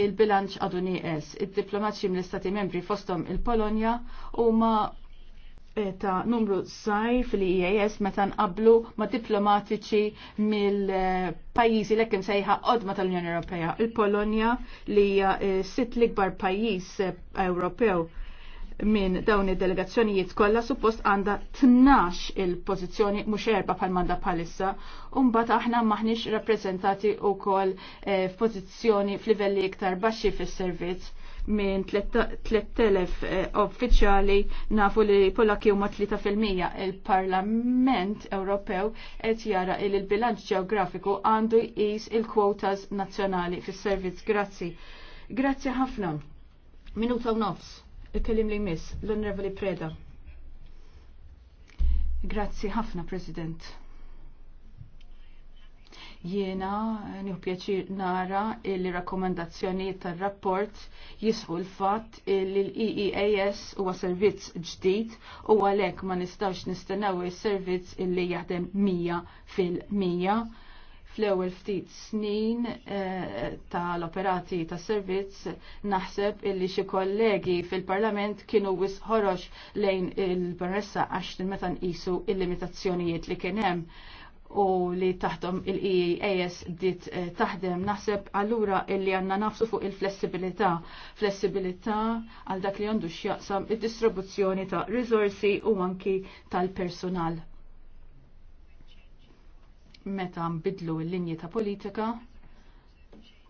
il-bilanċ għadu nieqes. id diplomaċi mill-Istati membri fostom il-Polonja huma Eh, ta' numru sajr fil-IAS meta nqablu ma' diplomatiċi mill-pajjiżi eh, l hemm sejħa qodma tal-Unjoni Ewropea. Il-Polonja li hija eh, sitt l-ikbar pajjiż Ewropew minn dawn id-delegazzjonijiet kollha suppost għandha tnax il-pożizzjoni mhux erba' bħal manda bħalissa, u mbagħad aħna maħniex rappreżentati wkoll f'pożizzjoni f'livelli iktar baxxi fis-servizz minn 3000 eh, uffiċjali nafu li Polakki huma 3% il-Parlament Ewropew qed jara il il-bilanċ ġeografiku għandu jqis il-kwotas nazzjonali fis-servizz. Grazzi. Grazzi ħafna. Minuta u nofs. il li miss l onrevoli Preda. Grazzi ħafna, President. Jiena nieħu pjaċir nara il rakkomandazzjonijiet tar-rapport jisħu l-fatt li l-EEAS huwa servizz ġdid u għalhekk ma nistgħux nistennew is-servizz illi jaħdem mija fil-mija. Fl-ewwel ftit snin eh, tal-operati tas servizz naħseb illi xi kollegi fil-Parlament kienu wisħorox lejn il-Barressa għax meta nqisu il-limitazzjonijiet li kien hemm u li taħdom il-EAS dit eh, taħdem naħseb allura illi għanna nafsu fuq il-flessibilità. Flessibilità għal dak li għandu x'jaqsam id-distribuzzjoni ta' risorsi u anki tal-personal. Meta bidlu l-linji ta' politika,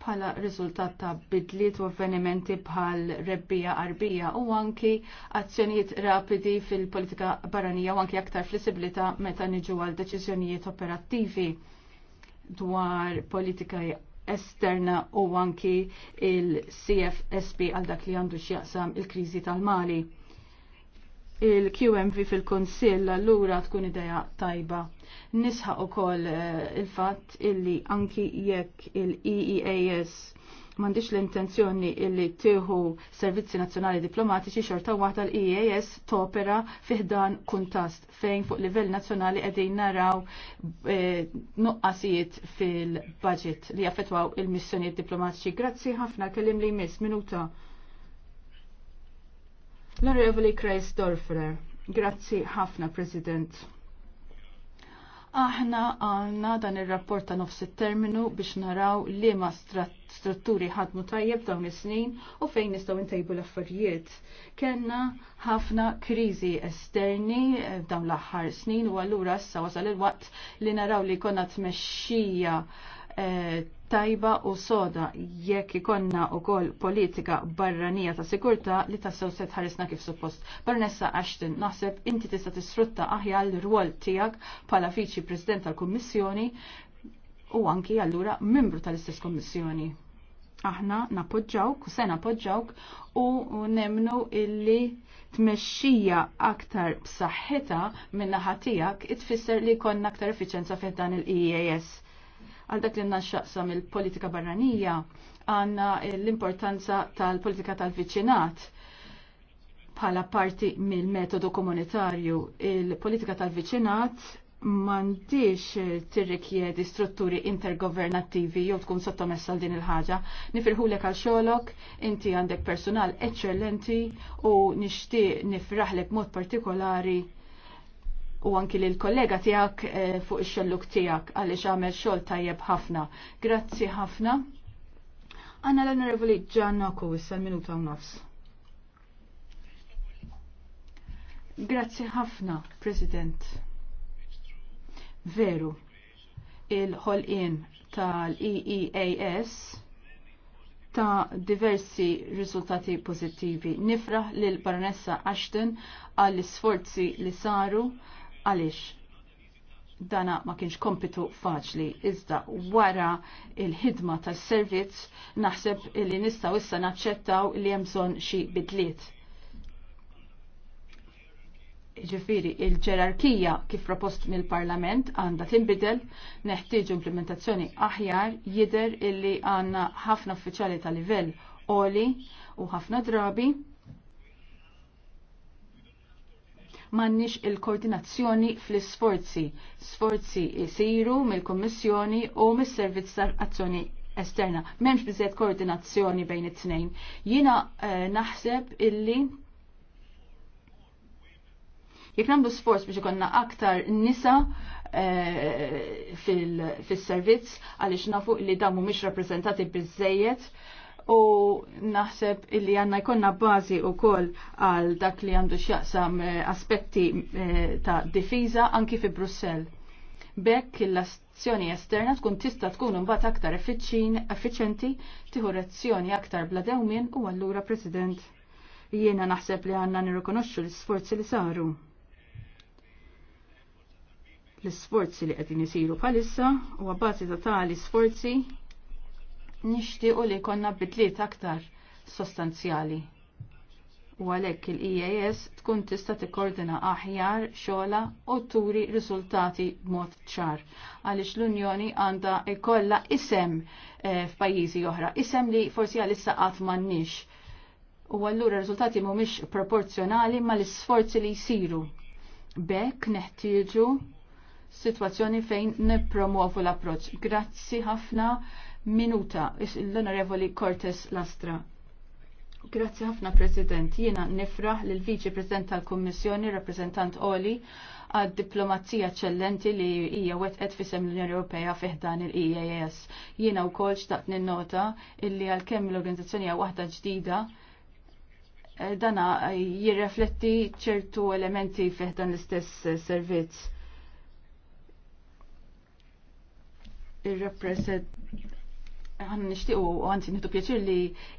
bħala rizultat ta' bidliet u avvenimenti bħal rebbija qarbija u anki azzjonijiet rapidi fil-politika barranija u anki aktar flessibilità meta niġu għal deċiżjonijiet operattivi dwar politika esterna u anki il-CFSP għal dak li għandu x'jaqsam il-kriżi tal-Mali il-QMV fil-Konsill allura tkun ideja tajba. Nisħa u koll eh, il-fat illi anki jekk il-EEAS mandiċ l-intenzjoni illi tiħu servizzi nazzjonali diplomatiċi xorta waħda l-EAS e topera fiħdan kuntast fejn fuq livell nazzjonali qegħdin naraw e, nuqqasijiet fil-budget li jaffetwaw il-missjonijiet diplomatiċi. Grazzi ħafna kellim li jmiss minuta. L-Onorevoli Kreis Dorfler, grazzi ħafna, President. Aħna għanna dan il-rapport ta' nofs terminu biex naraw li ma strutturi ħadmu tajjeb dawn is-snin u fejn nistgħu ntejbu l-affarijiet. Kenna ħafna kriżi esterni eh, dawn l-aħħar snin u allura issa wasal il-waqt li naraw li konna tmexxija eh, tajba u soda jekk ikonna u kol politika barranija ta' sigurta li ta' sew set ħarisna kif suppost. Barnessa Ashton, naħseb inti tista' tisfrutta aħjar l-rwol tijak pala Fiċi President tal-Kommissjoni u anki allura membru tal-istess Kommissjoni. Aħna napoġġawk, u se napoġġawk u nemnu illi tmexxija aktar b'saħħitha minn naħa tiegħek itfisser li jkollna aktar effiċenza fih dan il-EAS għal dak li naxxaqsam il-politika barranija għanna l-importanza tal-politika tal-viċinat bħala parti mill-metodu komunitarju. Il-politika tal-viċinat mandiċ tirrikjedi strutturi intergovernattivi jew tkun sottomessa din il-ħaġa. Nifirħulek għal xolok, inti għandek personal eccellenti u nixtieq nifraħlek mod partikolari u anki li l-kollega tijak eh, fuq il-xolluk tijak għalix għamel xol tajjeb ħafna. Grazzi ħafna. Għanna l-Onorevoli Gianna Kuwis, minuta u nofs. Grazzi ħafna, President. Veru, il-ħolqien tal-EEAS ta' diversi riżultati pozittivi. Nifraħ lil Baronessa Ashton għall isforzi li saru Għaliex? dana ma kienx kompitu faċli, iżda wara il-ħidma tal-servizz naħseb li nistaw issa naċċettaw li jemżon xi bidliet. Ġifiri, il-ġerarkija kif propost mill-Parlament għanda tinbidel, neħtieġu implementazzjoni aħjar jider illi għanna ħafna uffiċjali tal-livell oli u ħafna drabi m'għandniex il-koordinazzjoni fl-isforzi. Sforzi jsiru mill-Kummissjoni u mis-Servizz tal-Azzjoni Esterna. M'hemmx biżejjed koordinazzjoni bejn it-tnejn. Jiena eh, naħseb illi jek nagħmlu sforz biex ikonna aktar nisa eh, fil-servizz għalix għaliex nafu li damu mhumiex rappreżentati biżejjed u naħseb illi għanna jkonna bazi u koll għal dak li għandu xjaqsam eh, aspetti eh, ta' difiza anki fi Brussel. Bekk l-azzjoni esterna tkun tista tkun imbagħad aktar effiċenti tieħu reazzjoni aktar bla dewmien u allura President jiena naħseb li għanna nirrikonoxxu l-isforzi li saru. L-isforzi li qegħdin isiru bħalissa u għabbażi ta' tali sforzi nixtiequ li jkollna bidliet aktar sostanzjali. U għalhekk il-EAS tkun tista' tikkoordina aħjar xola u turi riżultati b'mod ċar. Għaliex l-Unjoni għandha jkollha isem eh, f'pajjiżi oħra, isem li forsi għalissa qatt m'għandniex. U allura riżultati mhumiex proporzjonali mal-isforzi li jsiru. Bek neħtieġu situazzjoni fejn nippromovu l-approċ. Grazzi ħafna Minuta, l-Onorevoli Cortes Lastra. Grazzi ħafna President. Jiena nifraħ l viċi President tal-Kummissjoni, rappresentant Oli, għad diplomazija ċellenti li hija wetqet fisem l-Unjoni Ewropea fiħdan il-EAS. Jiena wkoll xtaqt ninnota illi għalkemm l-organizzazzjoni hija waħda ġdida eh, dana jirrefletti ċertu elementi fiħdan l-istess eh, servizz. Il-rappresent għan nishtiq u għan nitu pjaċir li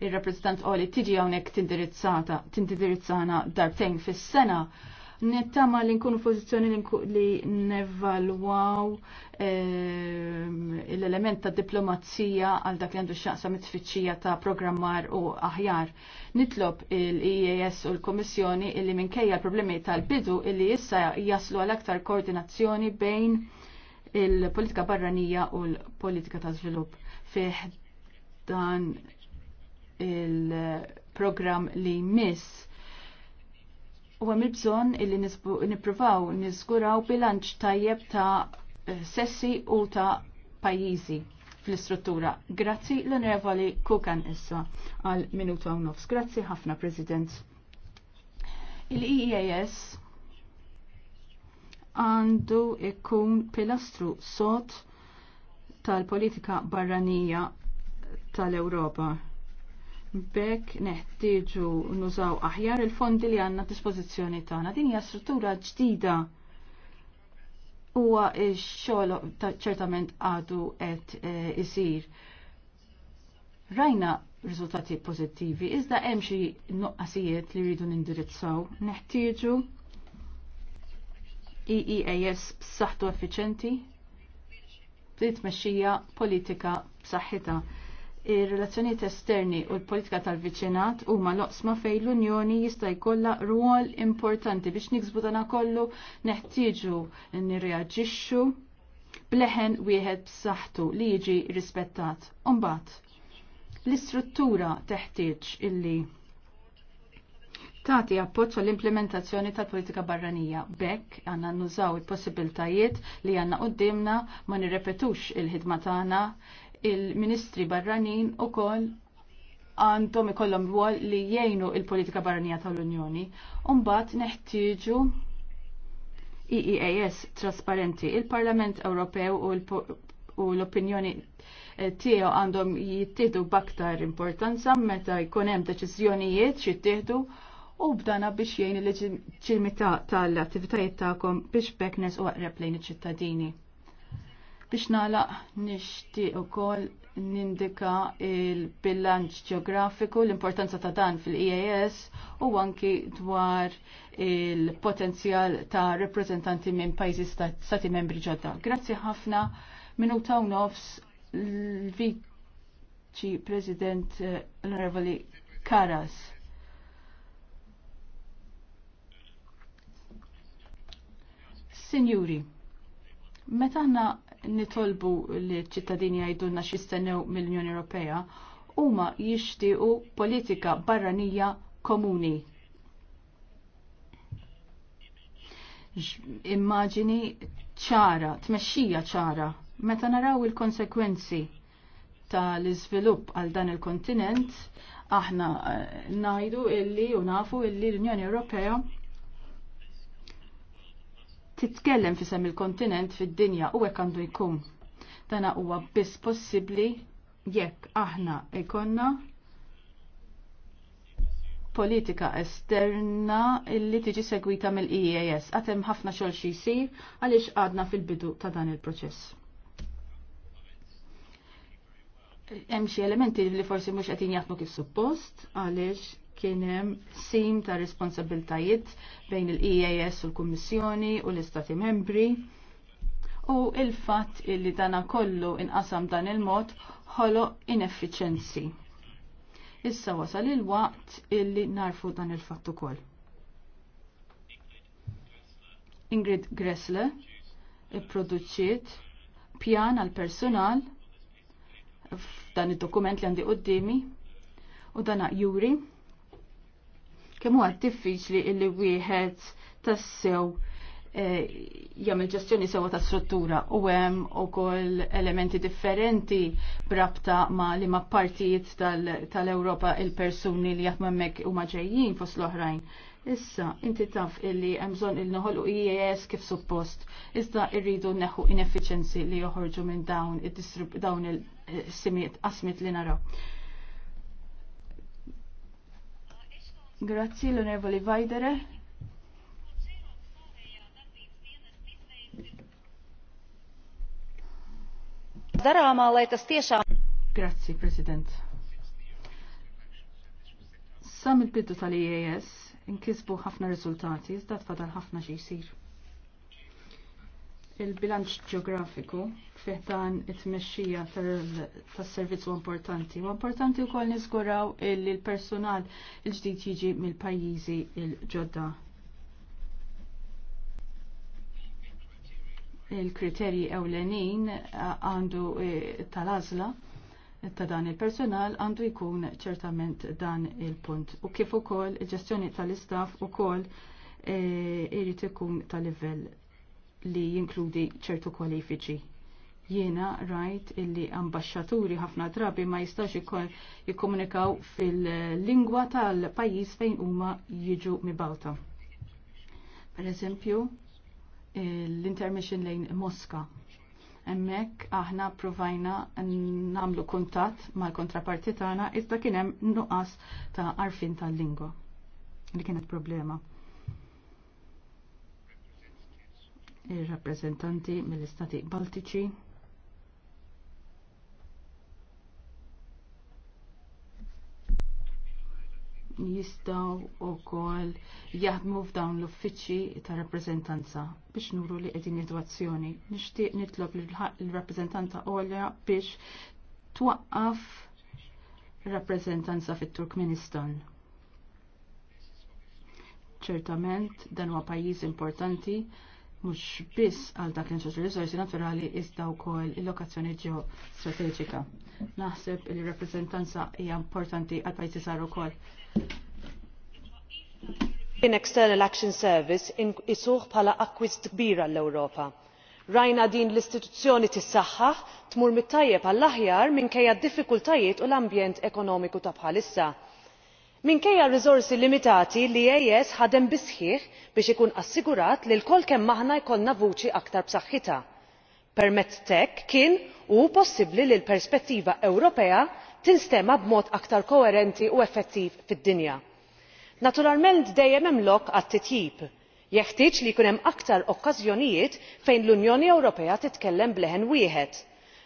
il-rappresentant għoli tiġi għonek tindirizzata, tindirizzana darbtejn fis-sena. Nittama li nkunu pozizjoni li nevalwaw ehm, l-element ta' diplomazija għal dak li għandu xaqsa mitfittxija ta' programmar u aħjar. Nitlob il ias u l-Komissjoni illi minkejja l-problemi tal-bidu illi issa jaslu għal aktar koordinazzjoni bejn il-politika barranija u l-politika ta' svilupp fih dan il-program li miss. U għam il-bżon illi nipruvaw nizguraw bilanċ tajjeb ta' sessi u ta' pajizi fl-istruttura. Grazzi l-onorevoli Kukan issa għal minuta u nofs. Grazzi ħafna, President. Il-EEAS għandu ikkun pilastru sot tal-politika barranija tal-Ewropa. Bekk neħtieġu nużaw aħjar il-fondi li għanna dispożizzjoni tagħna. Din hija struttura ġdida huwa x-xogħol ċertament għadu qed eh, isir. Rajna riżultati pożittivi, iżda hemm xi nuqqasijiet li rridu nindirizzaw. Neħtieġu EEAS b'saħħtu effiċenti li tmexxija politika b'saħħitha. Ir-relazzjonijiet esterni u l-politika tal-viċinat huma loqsma fejn l-Unjoni jista' jkollha rwol importanti biex niksbu dana kollu neħtieġu nirreaġixxu bleħen wieħed b'saħħtu li jiġi rispettat. Umbagħad l-istruttura teħtieġ illi Stati appoġġ l-implementazzjoni tal-politika barranija. Bekk għandna nużaw il-possibiltajiet li għandna qudiemna ma nirrepetux il-ħidma tagħna il-ministri barranin ukoll għandhom ikollhom rwol li jgħinu il-politika barranija tal-Unjoni. Umbagħad neħtieġu EEAS trasparenti. Il-Parlament Ewropew u l-opinjoni eh, tiegħu għandhom jittieħdu b'aktar importanza meta jkun hemm deċiżjonijiet xi jittieħdu u b'dana biex jgħin il-leġitimità tal-attivitajiet tagħkom biex Bekness u aqreb lejn iċ-ċittadini. Biex nagħlaq nixtieq ukoll nindika il-bilanċ ġeografiku, l-importanza ta' dan fil-EAS u anki dwar il-potenzjal ta' reprezentanti minn pajzi stati membri ġodda. Grazzi ħafna u ta' nofs l-viċi president l eh, revoli Karas. Signuri, meta aħna nitolbu li ċittadini għajdunna xistennew mill-Unjoni Ewropea, huma jixtiequ politika barranija komuni immaġini ċara, tmexxija ċara, meta naraw il-konsekwenzi tal-iżvilupp għal dan il-kontinent, aħna eh, najdu illi u nafu illi l-Unjoni Ewropea titkellem fisem il-kontinent fid-dinja u hekk għandu jkun. Dana huwa biss possibbli jekk aħna ikonna politika esterna illi tiġi segwita mill-EAS. Għatem ħafna xogħol xi jsir għaliex għadna fil-bidu ta' dan il-proċess. Hemm xi elementi li forsi mhux qed jaħdmu kif suppost għaliex kien hemm sim ta' responsabiltajiet bejn il-EAS u l-Kummissjoni u l-Istati Membri. U il-fatt illi dana kollu inqasam dan il-mod ħolo ineffiċenzi. Issa wasal il-waqt illi narfu dan il-fatt ukoll. Ingrid Gressle ipproduċiet pjan għal personal f'dan id-dokument li għandi qoddimi u dana juri kemm huwa diffiċli illi wieħed tassew eh, jagħmel ġestjoni sewwa ta' struttura u hemm ukoll elementi differenti brabta ma' li ma' partijiet tal-Ewropa il-persuni li jaħdmu hemmhekk huma ġejjin fost l-oħrajn. Issa, inti taf illi bżonn il-noħol u IES kif suppost. Iżda irridu neħu ineffiċenzi li joħorġu minn dawn il-simiet eh, asmit li naraw. Grazzi l'onorevole onorevoli Vajdere. Darāmā, lai tas tiešām. Grazzi, President. Sam il bidu tal-IAS inkisbu ħafna rezultati, iżda fadal ħafna xi jsir il-bilanċ ġeografiku fiħtan it-mexxija tas-servizz huwa importanti. U importanti wkoll niżguraw li l-personal il-ġdid jiġi mill-pajjiżi il-ġodda. Il-kriterji ewlenin eh, għandu eh, tal-għażla ta' dan il-personal għandu jkun ċertament dan il-punt. U kif ukoll il-ġestjoni tal-istaff ukoll eh, irid ikun tal-livell li jinkludi ċertu kwalifiċi. Jiena rajt illi ambasċaturi ħafna drabi ma jistax jikkomunikaw fil-lingwa tal-pajis fejn huma jiġu mibalta. Per eżempju, l-intermission lejn Moska Emmek aħna provajna namlu kuntat mal-kontraparti tagħna iżda kien hemm nuqqas ta' arfin tal-lingwa li kienet problema. il-rappresentanti mill-Istati Baltiċi. jistaw u kol jaħdmu f'dawn l-uffiċi ta' rappresentanza biex nuru li edin edwazzjoni. Nishtiq nitlob l-rappresentanta Olja biex twaqqaf rappresentanza fit turkmenistan Ċertament dan huwa pajjiż importanti mhux biss għal dak l-inċoċ risorsi naturali iżda wkoll il-lokazzjoni ġeo strateġika. Naħseb li rappreżentanza hija importanti għal pajjiżi saru kol. In External Action Service isuħ bħala akkwist kbira l-Ewropa rajna din l-istituzzjoni tissaħħaħ tmur mit-tajjeb għall aħjar minkejja d-diffikultajiet u l-ambjent ekonomiku ta' bħalissa minkejja r limitati li eeas ħadem bi sħiħ biex ikun assigurat li lkoll kemm aħna jkollna vuċi aktar b'saħħitha. permezz hekk kien u hu possibbli li l-perspettiva ewropea tinstema' b'mod aktar koerenti u effettiv fid-dinja. naturalment dejjem hemm lok għat titjib jeħtieġ li jkun hemm aktar okkażjonijiet fejn l-unjoni ewropea titkellem bleħen wieħed.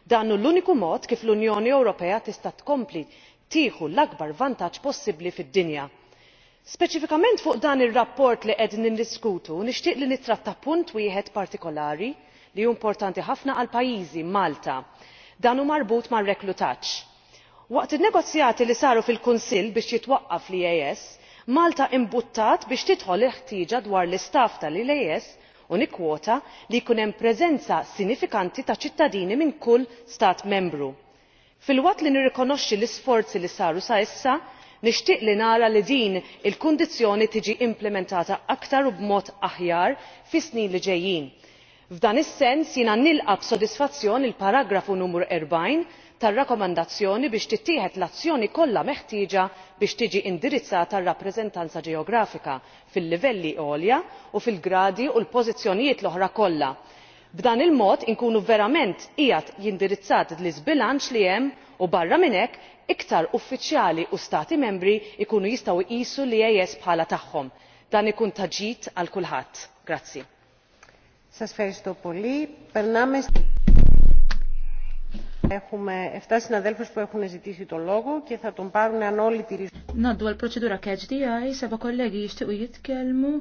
dan hu l uniku mod kif l unjoni ewropea tista' tkompli tieħu l-akbar vantaġġ possibbli fid-dinja. speċifikament fuq dan ir-rapport li qegħdin niddiskutu nixtieq li nittratta punt wieħed partikolari li hu importanti ħafna għal pajjiżi malta dan hu marbut mar-reklutaġġ. waqt in-negozjati li saru fil-kunsill biex jitwaqqaf l ias malta imbuttat biex tidħol il-ħtieġa dwar l-istaff tal ias u nikkwota li jkun hemm preżenza sinifikanti ta' ċittadini minn kull stat membru filwaqt li nirrikonoxxi l-isforzi li saru sa issa nixtieq li nara li din il kundizzjoni tiġi implementata aktar u b'mod aħjar fis-snin li ġejjin. f'dan is-sens jiena nilqa b'sodisfazzjon il-paragrafu numru erbgħin tar-rakkomandazzjoni biex tittieħed l-azzjoni kollha meħtieġa biex tiġi indirizzata r-rappreżentanza ġeografika fil-livelli għolja u fil gradi u l-pożizzjonijiet l oħra kollha b'dan il mod inkunu verament qiegħed jindirizzat l isbilanċ li hemm u barra minn hekk iktar uffiċjali u stati membri jkunu jistgħu jqisu l eeas bħala tagħhom. dan ikun ta' ġid għal kulħadd. naddu għall proċedura catch the eye seba' kollegi jixtiequ jitkellmu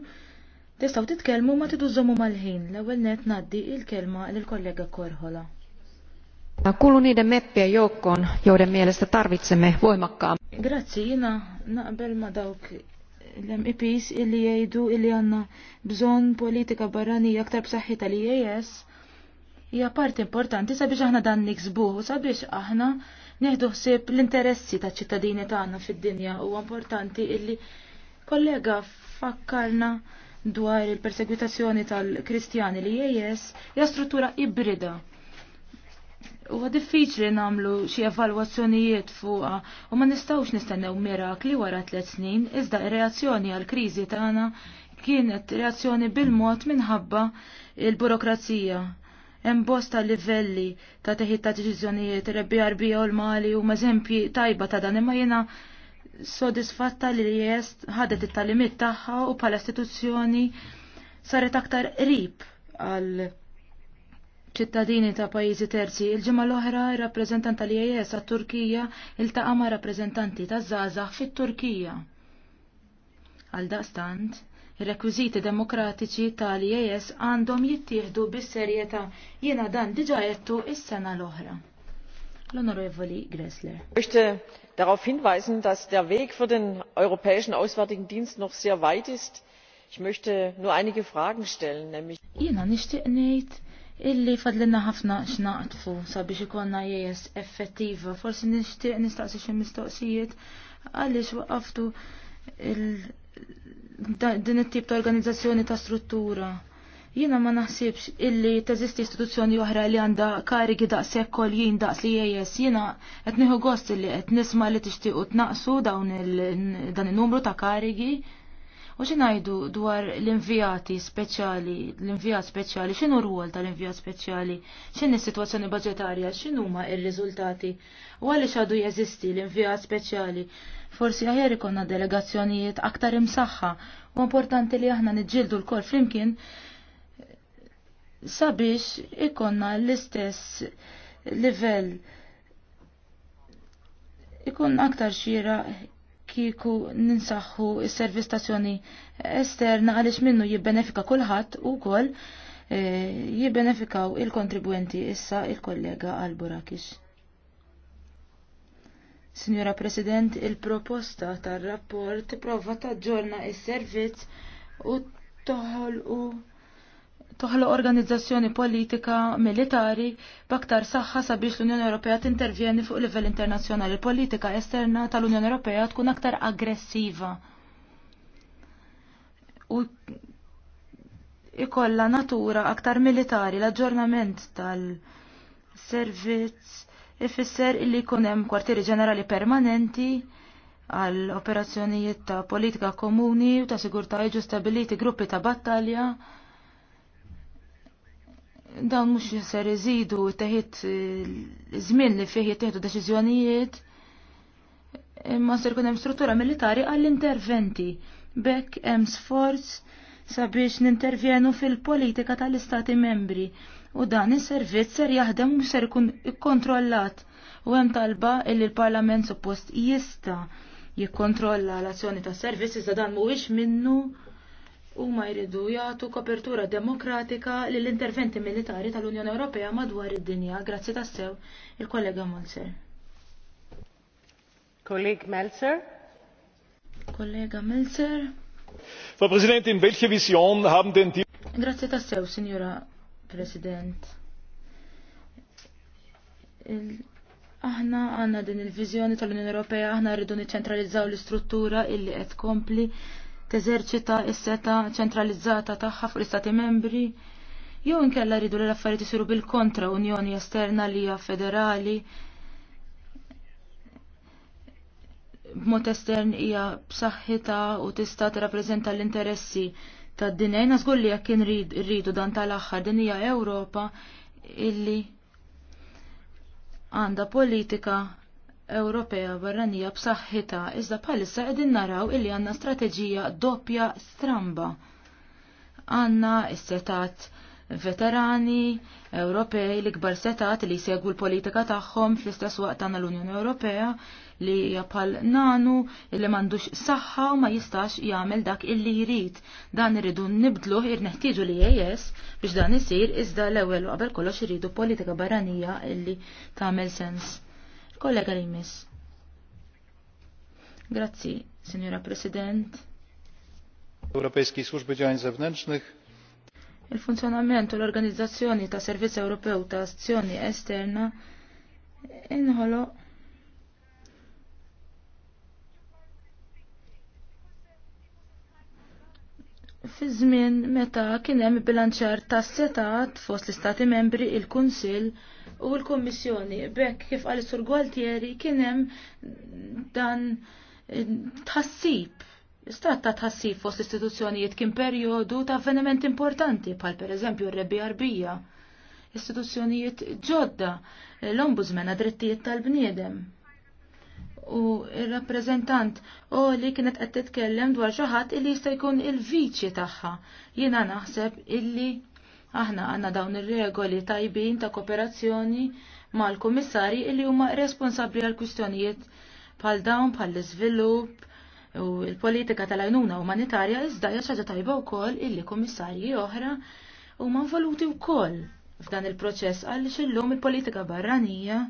Tistaw titkellmu ma tiduzzomu mal-ħin. L-ewwel net naddi il-kelma lill-kollega Korhola. Kuulu niiden meppien joukkoon, joiden mielestä tarvitsemme voimakkaan. Grazzi, jina naqbel ma dawk l-MEPs illi jgħidu illi għanna bżon politika barranija aktar b'saħħita tal-IAS e hija parti importanti sabiex aħna dan niksbuh sabiex aħna nieħdu ħsieb l-interessi ta' ċittadini tagħna fid-dinja u importanti illi kollega fakkarna dwar il-persegwitazzjoni tal-Kristjani li jejes hija struttura ibrida. U diffiċli namlu xi evalwazzjonijiet fuqha u ma nistgħux nistennew mirakli wara tliet snin iżda reazzjoni għal kriżi tagħna kienet reazzjoni bil-mod minħabba il-burokrazija hemm bosta livelli ta' teħid ta' deċiżjonijiet rebbi arbija u l-Mali huma eżempji tajba ta' dan imma jiena sodisfatta li jest ħadet it-talimit tagħha u bħala istituzzjoni saret aktar qrib għal ċittadini ta' pajjiżi terzi. Il-ġimgħa l-oħra ir-rappreżentant tal IAS għat-Turkija il-taqama rappreżentanti ta' żgħażagħ fit-Turkija. Għal daqstant, ir-rekwiżiti demokratiċi tal IAS għandhom jittieħdu bis-serjetà jiena dan diġajettu jettu is-sena l-oħra l-Onorevoli Gressler. möchte darauf hinweisen, dass der Weg für den Europäischen Auswärtigen Dienst noch sehr weit ist. Ich möchte nur einige Fragen stellen, nämlich... Jena nishtiq nejt illi fadlinna ħafna xnaqtfu sabiex ikonna jes effettiva. Forsi nishtiq nistaqsi xi mistoqsijiet għalix waqaftu din it-tip ta' organizzazzjoni ta' struttura Jiena ma naħsibx illi teżisti istituzzjoni oħra li għandha karigi daqshekk jien daqs li jgħis jina qed nieħu gost illi qed nisma' li tixtiequ tnaqsu dawn dan in-numru ta' karigi. U xinajdu dwar l-invijati speċjali, l-invijat speċjali, xinu rwol tal-invijat speċjali, xin is-situazzjoni budgetarja, xinu huma il riżultati u għalli xadu jeżisti l-invijat speċjali. Forsi għajer ikonna delegazzjonijiet aktar imsaħħa, u importanti li aħna nġildu l-kol flimkien sabiex ikonna l-istess livell ikun aktar xira kieku ninsaħħu s servistazzjoni esterna għaliex minnu jibbenefika kulħadd u koll eh, jibbenefikaw il-kontribwenti issa il-kollega għal Burakix. Signora President, il-proposta tar-rapport prova taġġorna il servizz u toħolqu toħloq organizzazzjoni politika militari b'aktar saħħa sabiex l-Unjoni Ewropea tintervjeni fuq livell internazzjonali. Politika esterna tal-Unjoni Ewropea tkun aktar aggressiva. U ikolla natura aktar militari l-aġġornament tal-servizz ifisser illi jkun hemm kwartieri ġenerali permanenti għal operazzjonijiet ta' politika komuni u ta' sigurtà jiġu gruppi ta' battalja dawn mhux ser iżidu teħid eh, żmien li fih jittieħdu deċiżjonijiet imma ser kun hemm struttura militari għall-interventi bekk hemm sforz sabiex nintervjenu fil-politika tal-istati membri u dan is-servizz ser jaħdem u ser ikun ikkontrollat u hemm talba illi l-Parlament suppost jista' jikkontrolla l-azzjoni tas-servizz iżda dan mhuwiex minnu huma jridu jagħtu kopertura demokratika lill interventi militari tal-Unjoni Ewropea madwar id-dinja grazzi tassew il-kollega Melzer. Kolleg Melzer. Kollega Melzer. Frau Präsidentin, welche Vision haben denn die Grazie tassew, Signora President. Il aħna għanna din il-vizjoni tal-Unjoni Ewropea, aħna rridu niċċentralizzaw l-istruttura illi qed kompli teżerċita s seta ċentralizzata tagħha fuq l-Istati membri jew inkella rridu li l-affarijiet isiru bil-kontra Unjoni Esterna li hija federali b'mod estern hija b'saħħitha u tista' tirrappreżenta l-interessi tad-dinejn żgur li jekk irridu dan tal-aħħar din hija Ewropa illi għandha politika Ewropea barranija b'saħħitha iżda bħalissa qegħdin naraw illi għandna strateġija doppja stramba. Għandna s-setat veterani Ewropej li kbar setat li jsegwu l-politika tagħhom fl-istess waqt għandna l-Unjoni Ewropea li jabħal nanu illi m'għandux saħħa u ma jistax jagħmel dak illi jrid. Dan irridu nibdluh irneħtieġu li EJS e biex dan isir iżda l-ewwel qabel kollox iridu politika barranija illi tagħmel sens. Kollega li Grazzi, Signora President. Europejski Służby Działań Zewnętrznych. Il-funzjonament u l-Organizzazzjoni ta' Servizz Ewropew ta' Azzjoni Esterna inħolo fi żmien meta kien hemm bilanċar tas-setat fost l-Istati Membri il-Kunsill u l-Kommissjoni. Bekk kif għal sur Gualtieri kienem dan eh, tħassib. Stat ta' tħassib fost istituzzjonijiet kien perjodu ta' avveniment importanti, pal per eżempju r-rebbi arbija, istituzzjonijiet ġodda, l-ombudsman għadrittijiet tal-bniedem. U il-rappresentant o li kienet qed titkellem dwar xi ħadd illi jista' jkun il-viċi tagħha. Jiena naħseb illi Aħna għanna dawn ir-regoli tajbin ta' kooperazzjoni mal komissari illi huma responsabbli għal kwistjonijiet bħal dawn bħal l-iżvilupp u l-politika tal-għajnuna umanitarja iżda xaġa tajba wkoll illi kummissarji oħra huma u wkoll f'dan il-proċess għaliex illum il-politika barranija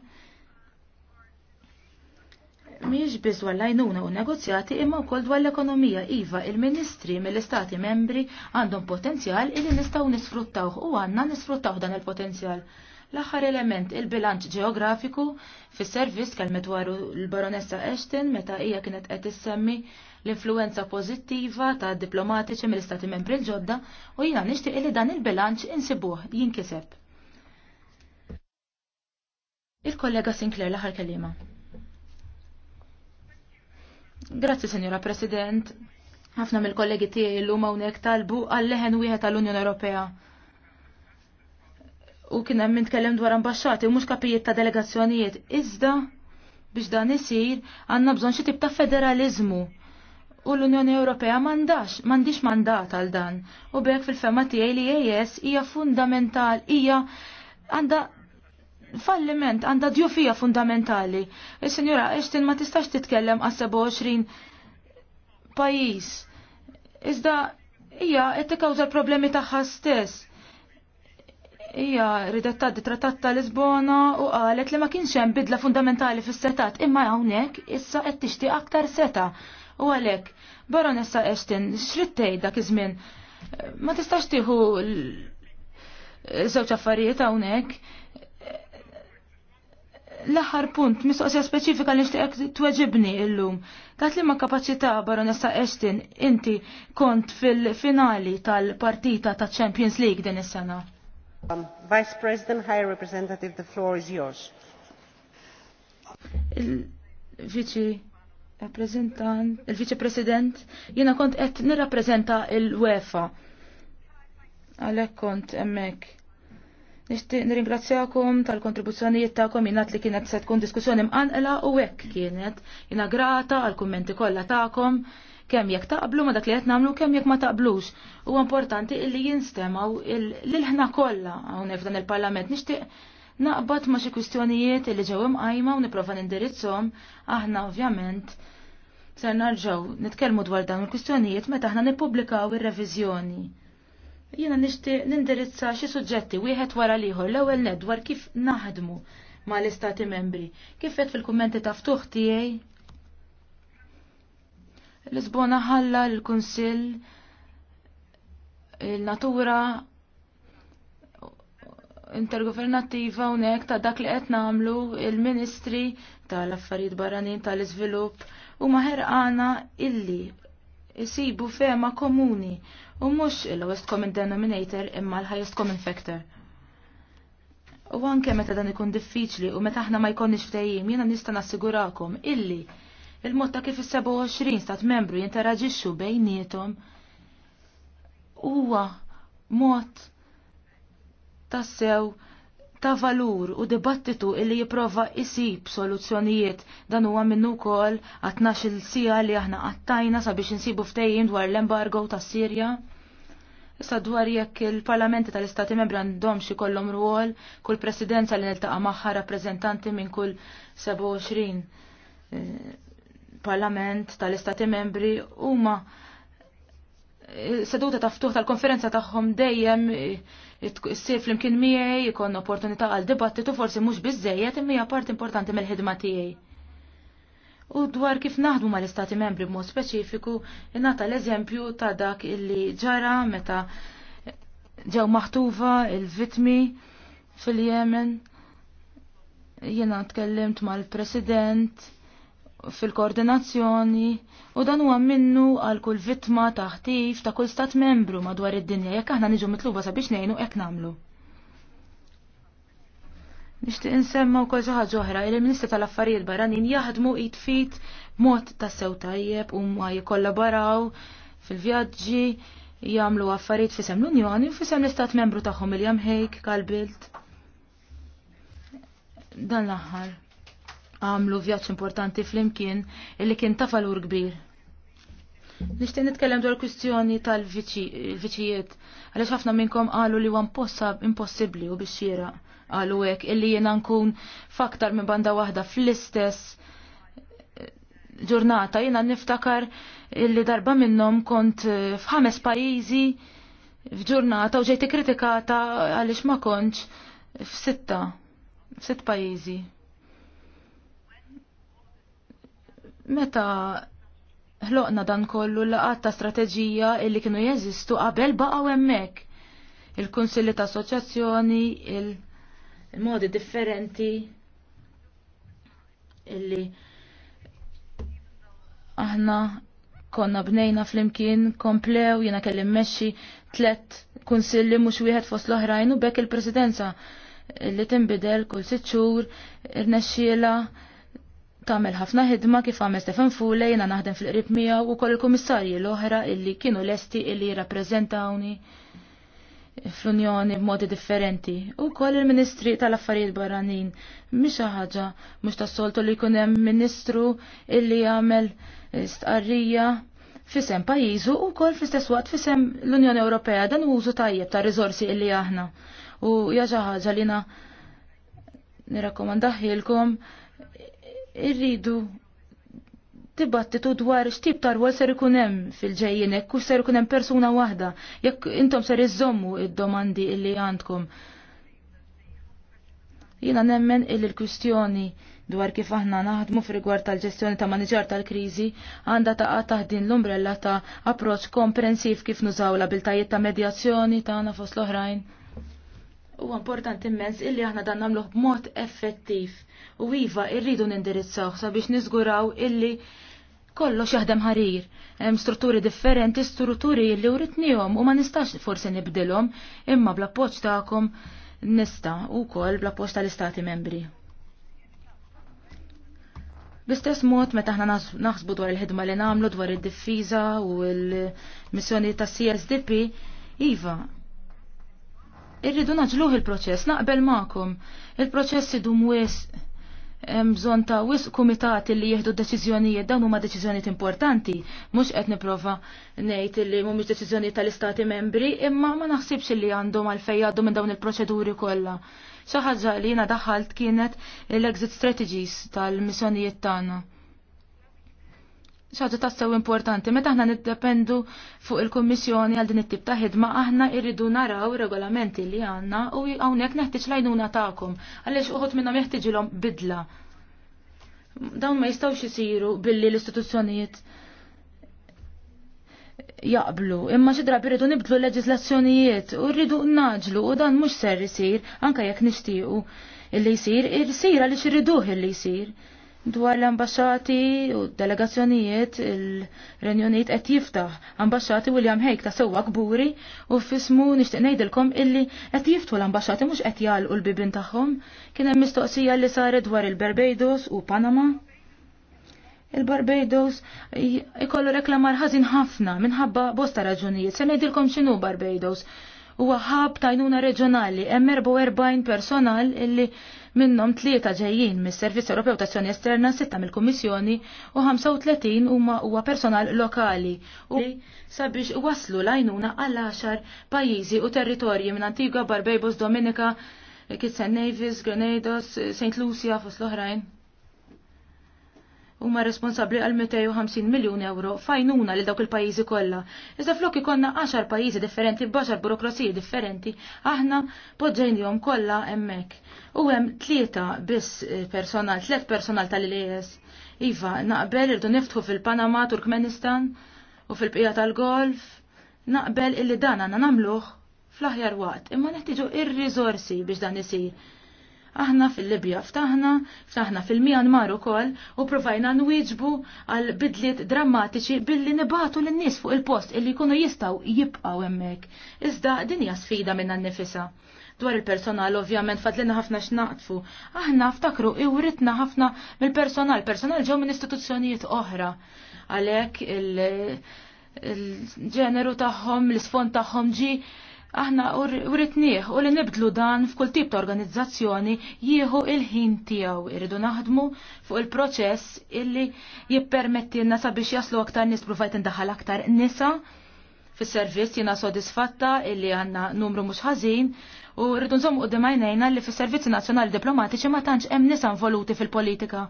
miex biz dwar lajnuna u negozjati imma wkoll dwar l-ekonomija iva il-ministri mill-istati membri għandhom potenzjal illi nistgħu nisfruttawh u għandna nisfruttawh dan il-potenzjal. L-aħħar element il-bilanċ ġeografiku fis-servizz kelmet dwar l-Baronessa Ashton meta hija kienet qed issemmi l-influenza pożittiva ta' diplomatiċi mill-istati membri l-ġodda u jiena nixtieq li dan il-bilanċ insibuh jinkiseb. Il-kollega Sinclair l-aħħar kelliema. Grazzi, Senjora President. Ħafna mill-kollegi tiegħi llum hawnhekk talbu għal leħen wieħed tal-Unjoni Ewropea. U kien hemm nitkellem dwar ambaxxati u mhux kapijiet ta' delegazzjonijiet. Iżda biex dan isir għandna bżonn xi tip ta' federaliżmu. U l-Unjoni Ewropea m'għandax, m'għandix mandat għal dan. U bekk fil-fema tiegħi li ES hija fundamental, hija għandha falliment għandha djufija fundamentali. Is-Sinjura e, Eshtin ma tistax titkellem għas 27 pajjiż. Iżda hija qed tikkawża problemi tagħha stess. Ija ridet tgħaddi trattat ta' Lisbona u qalet li ma kienx hemm bidla fundamentali fis-setat imma hawnhekk issa qed tixtieq aktar seta' u għalek, baronessa Eshtin, xrittej dak iż-żmien, ma tistax tieħu żewġ affarijiet hawnhekk, L-aħħar punt, mistoqsija speċifika li nixtieq tweġibni illum. Kat li ma' kapaċità baronessa Ashton, inti kont fil-finali tal-partita ta' Champions League din is-sena. Um, Vice President, High Representative, the floor is yours. Il-Viċi rappresentant, il viċi President, jiena kont qed nirrappreżenta il-UEFA. Għalhekk kont hemmhekk Nishtiq nirringrazzjakom tal-kontribuzzjonijiet tagħkom jingħad li kienet se tkun diskussjoni mqanqela u hekk kienet jiena grata għal kummenti kollha tagħkom kemm jekk taqblu ma dak li qed nagħmlu kemm jekk ma taqblux. Huwa importanti illi jinstemaw lil ħna kollha hawnhekk f'dan il-Parlament. Nixtieq naqbad ma xi kwistjonijiet li ġew imqajma u nipprova nindirizzhom aħna ovvjament ser narġaw nitkellmu dwar dawn il-kwistjonijiet meta aħna nippubblikaw ir-reviżjoni. Jiena nixtieq nindirizza xi suġġetti wieħed wara liħor l-ewwel nedwar kif naħdmu mal-istati membri. Kif qed fil-kummenti ta' ftuħ tiegħi? izbona ħalla l-Kunsill il-natura intergovernativa unek ta' dak li qed nagħmlu il-Ministri tal-Affarijiet Barranin tal-Iżvilupp huma ħerqana illi isibu fema komuni u mhux il-lowest common denominator imma l-highest common factor. U anke meta dan ikun diffiċli u meta aħna ma jkunx ftehim jiena nista' nassigurakom illi il-mod ta' kif is-27 stat membru jinteraġixxu bejniethom huwa mod tassew sew ta' valur u dibattitu illi jiprofa isib soluzzjonijiet dan huwa minnu kol għatnax il-sija li aħna għattajna sabiex insibu ftejjim dwar l-embargo ta' Sirja. Issa dwar jekk il-parlamenti tal-istati membri għandhom xi kollhom rwol, kull presidenza li niltaqa' magħha rappreżentanti minn kull 27 eh, parlament tal-istati membri huma seduta ta' ftuħ tal-konferenza tagħhom dejjem l flimkien miegħi ikon opportunità għal dibattitu forsi mhux biżejjed imma part importanti mill-ħidma tiegħi. U dwar kif naħdmu mal-Istati Membri b'mod speċifiku, nata l-eżempju ta' dak illi ġara meta ġew maħtuva il-vitmi fil-Jemen. Jiena tkellimt mal-President fil-koordinazzjoni u dan huwa minnu għal kull vittma taħtif ta' kull stat membru madwar id-dinja jekk aħna niġu mitluba sabiex ngħinu hekk nagħmlu. Nixtieq insemma wkoll xi ħaġa oħra il-Ministri tal-Affarijiet Barranin jaħdmu jitfit mod ta' sew tajjeb u ma jikollaboraw fil-vjaġġi jagħmlu affarijiet fisem l-Unjoni u fisem l-Istat Membru tagħhom William jamħejk Kalbilt. Dan l-aħħar għamlu vjaġġ importanti flimkien illi kien ta' falur kbir. Nixtieq nitkellem dwar kwistjoni tal-viċijiet għaliex ħafna minnkom qalu li huwa impossibbli u biex xira qalu hekk illi jiena nkun faktar minn banda waħda fl-istess eh, ġurnata jiena niftakar illi darba minnhom kont eh, f'ħames pajjiżi f'ġurnata u ġejt kritikata għaliex ma kontx f'sitta f'sitt pajjiżi. Meta ħloqna dan kollu laqat ta' strateġija illi kienu jeżistu qabel baqgħu hemmhekk. Il-kunsilli ta' assoċjazzjoni, il-modi differenti illi aħna konna bnejna flimkien komplew jiena kelli mmexxi tlett kunsilli mhux wieħed fost l-oħrajn u bekk il-presidenza li timbidel kull sitt xhur irnexxiela tagħmel ħafna ħidma kif għamel Stefan Fule jiena naħdem fil-qrib miegħu wkoll il-kummissarji l-oħra illi kienu lesti illi jirrappreżentawni fl-Unjoni b'modi differenti u koll il-Ministri tal-Affarijiet Barranin mhix ħaġa mhux tas-soltu li jkun hemm Ministru illi jagħmel stqarrija fisem pajjiżu u koll fl-istess waqt fisem l-Unjoni Ewropea dan użu tajjeb ta' riżorsi illi aħna. U ja xi ħaġa li na nirrakkomandaħilkom irridu tibattitu dwar x'tip tarwa ser ikun hemm fil-ġejjin hekk kux ser ikun hemm persuna waħda jekk intom ser iżommu id-domandi illi għandkom. Jiena nemmen illi l-kwistjoni dwar kif aħna naħdmu f'rigward tal-ġestjoni ta' maniġar tal-kriżi għandha taqa' taħdin l-umbrella ta' approċċ komprensiv kif nużaw l-abiltajiet ta' medjazzjoni tagħna fost l-oħrajn. U importanti immens illi aħna dan namluħ b'mod effettiv. U iva irridu nindirizzaw sabiex niżguraw illi kollox jaħdem ħarir. Hemm strutturi differenti, strutturi illi uritnihom u ma nistax forsi nibdilhom imma bla poċ tagħkom nista' u wkoll bl-appoġġ tal-Istati Membri. Bistess istess mod meta aħna naħsbu dwar il-ħidma li nagħmlu dwar id-diffiża u l-missjoni tas CSDP, iva, irridu naġluħ il-proċess, naqbel ma'kom. Il-proċess idu mwis mżon ta' wis kumitati li jieħdu deċiżjonijiet dawn huma deċiżjonijiet importanti, mhux qed nipprova ngħid li mhumiex deċiżjonijiet tal-istati membri, imma ma naħsibx li għandhom għalfejn għaddu minn dawn il-proċeduri kollha. Xi ħaġa li jiena daħħalt kienet l-exit strategies tal-missjonijiet tagħna ċaġa tassew importanti, meta aħna niddependu fuq il-Kommissjoni għal din it-tip ta' ħidma, aħna irridu naraw regolamenti li għanna u hawnhekk neħtieġ lajnuna tagħkom għaliex uħud minnhom l bidla. Dawn ma jistgħux isiru billi l-istituzzjonijiet jaqblu, imma xi birridu nibdlu l-leġislazzjonijiet u rridu naġlu u dan mhux ser isir anke jekk nixtiequ illi jsir, isir għaliex irriduh illi jsir dwar l-ambasċati u delegazzjonijiet il-Renjoniet qed jiftaħ ambasċati William Hake ta' sewwa kburi u fismu nixtieq ngħidilkom illi qed jiftu l-ambasċati mhux qed jgħalqu l-bibin tagħhom. Kien hemm mistoqsija li saret dwar il-Barbados u Panama. Il-Barbados ikollu reklamar ħażin ħafna minħabba bosta raġunijiet. Se ngħidilkom x'inhu Barbados. Huwa ħab tajnuna reġjonali hemm 44 personal illi minnhom tlieta ġejjin mis-Servizz Ewropew Tazzjoni Esterna, sitta mill-Kummissjoni u 35 huma huwa personal lokali u sabiex waslu lajnuna għal 10 pajjiżi u territorji minn Antigua, Barbados, Dominika, Kitsen Nevis, Grenados, St. Lucia fost l-oħrajn huma responsabbli għal 250 miljun euro fajnuna li dawk il-pajjiżi kollha. Iżda flok ikonna 10 pajjiżi differenti b'10 burokrasiji differenti, aħna poġġejnihom kollha hemmhekk. U hemm tlieta biss eh, personal, tliet personal tal-IES. Iva, naqbel irdu niftħu fil-Panama, Turkmenistan u fil pija tal-Golf. Naqbel illi dan għandna nagħmluh fl-aħjar waqt, imma neħtiġu ir-riżorsi biex dan isir Aħna fil-Libja ftaħna, ftaħna fil-Mjanmar ukoll u provajna nwieġbu għal bidliet drammatiċi billi nibatu lin nies fuq il-post illi jkunu jistgħu jibqgħu hemmhekk. Iżda din hija sfida minna nnifisha. Dwar il-personal ovvjament fadlina ħafna x'naqtfu. Aħna ftakru iwritna ħafna mill-personal, personal ġew minn istituzzjonijiet oħra. Għalhekk il-ġeneru tagħhom, l-isfond tagħhom ġi aħna uritnieħ u li nibdlu dan f'kull tip ta' organizzazzjoni jieħu il-ħin tiegħu irridu naħdmu fuq il-proċess illi jippermettilna sabiex jaslu aktar nies provajt indaħal aktar nisa fis-servizz jiena sodisfatta illi għandna numru mhux ħażin u rridu nżommu qudiem għajnejna li fis-servizzi nazzjonali diplomatiċi ma tantx hemm nisa involuti fil-politika